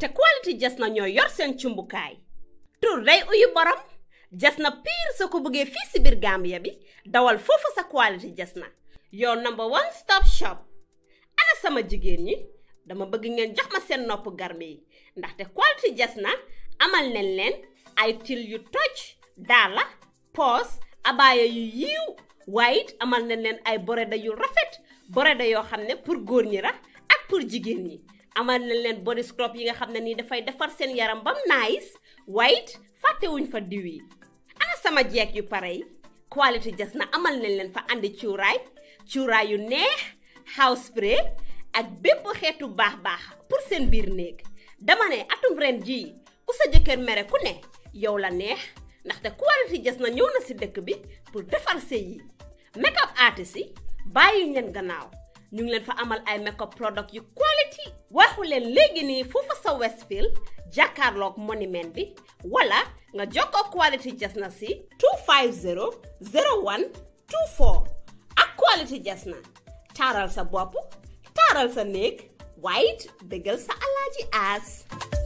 te quality jas na ñoo yor seen cumbukaay tur day uyu borom jas na piir ko bëggee fii si biir gambia bi dawal foofu sa quality jas na your number one stop shop ana sama jigéen ñi dama bëgg ngeen jox ma seen nopp garmi yi ndaxte quality jas na amal nañ leen ay til yu toj daala pos abaaya yu yiiw white amal nañ leen ay boreda yu rafet boreda yoo xam ne pour góor ñi ra ak pour jigéen ñi amal nañ leen body scrub yi nga xam ne nii dafay defar seen yaram bam nice white fàttewuñ fa diw yi ana sama jeeg yu pare yi quality jas na amal nañ leen fa indi cuuraay cuuraay yu neex house spray ak bépp xeetu baax baax pour seen biir néeg dama ne atum ren jii ku sa jëkkër mere ku ne yow la neex ndaxte quality jas na ñëw na si dëkk bi pour defar sëy yi make up artist yi bàyyi leen gannaaw ñu ngi leen fa amal ay makeup product yu quality waxu leen léegi nii foofu sa Westfield jàkkaarloog monument bi wala nga jokkoo quality jas na si 250 01 24 ak quality jas na taaral sa bopp taaral sa néeg waaye bégal sa alaaji aas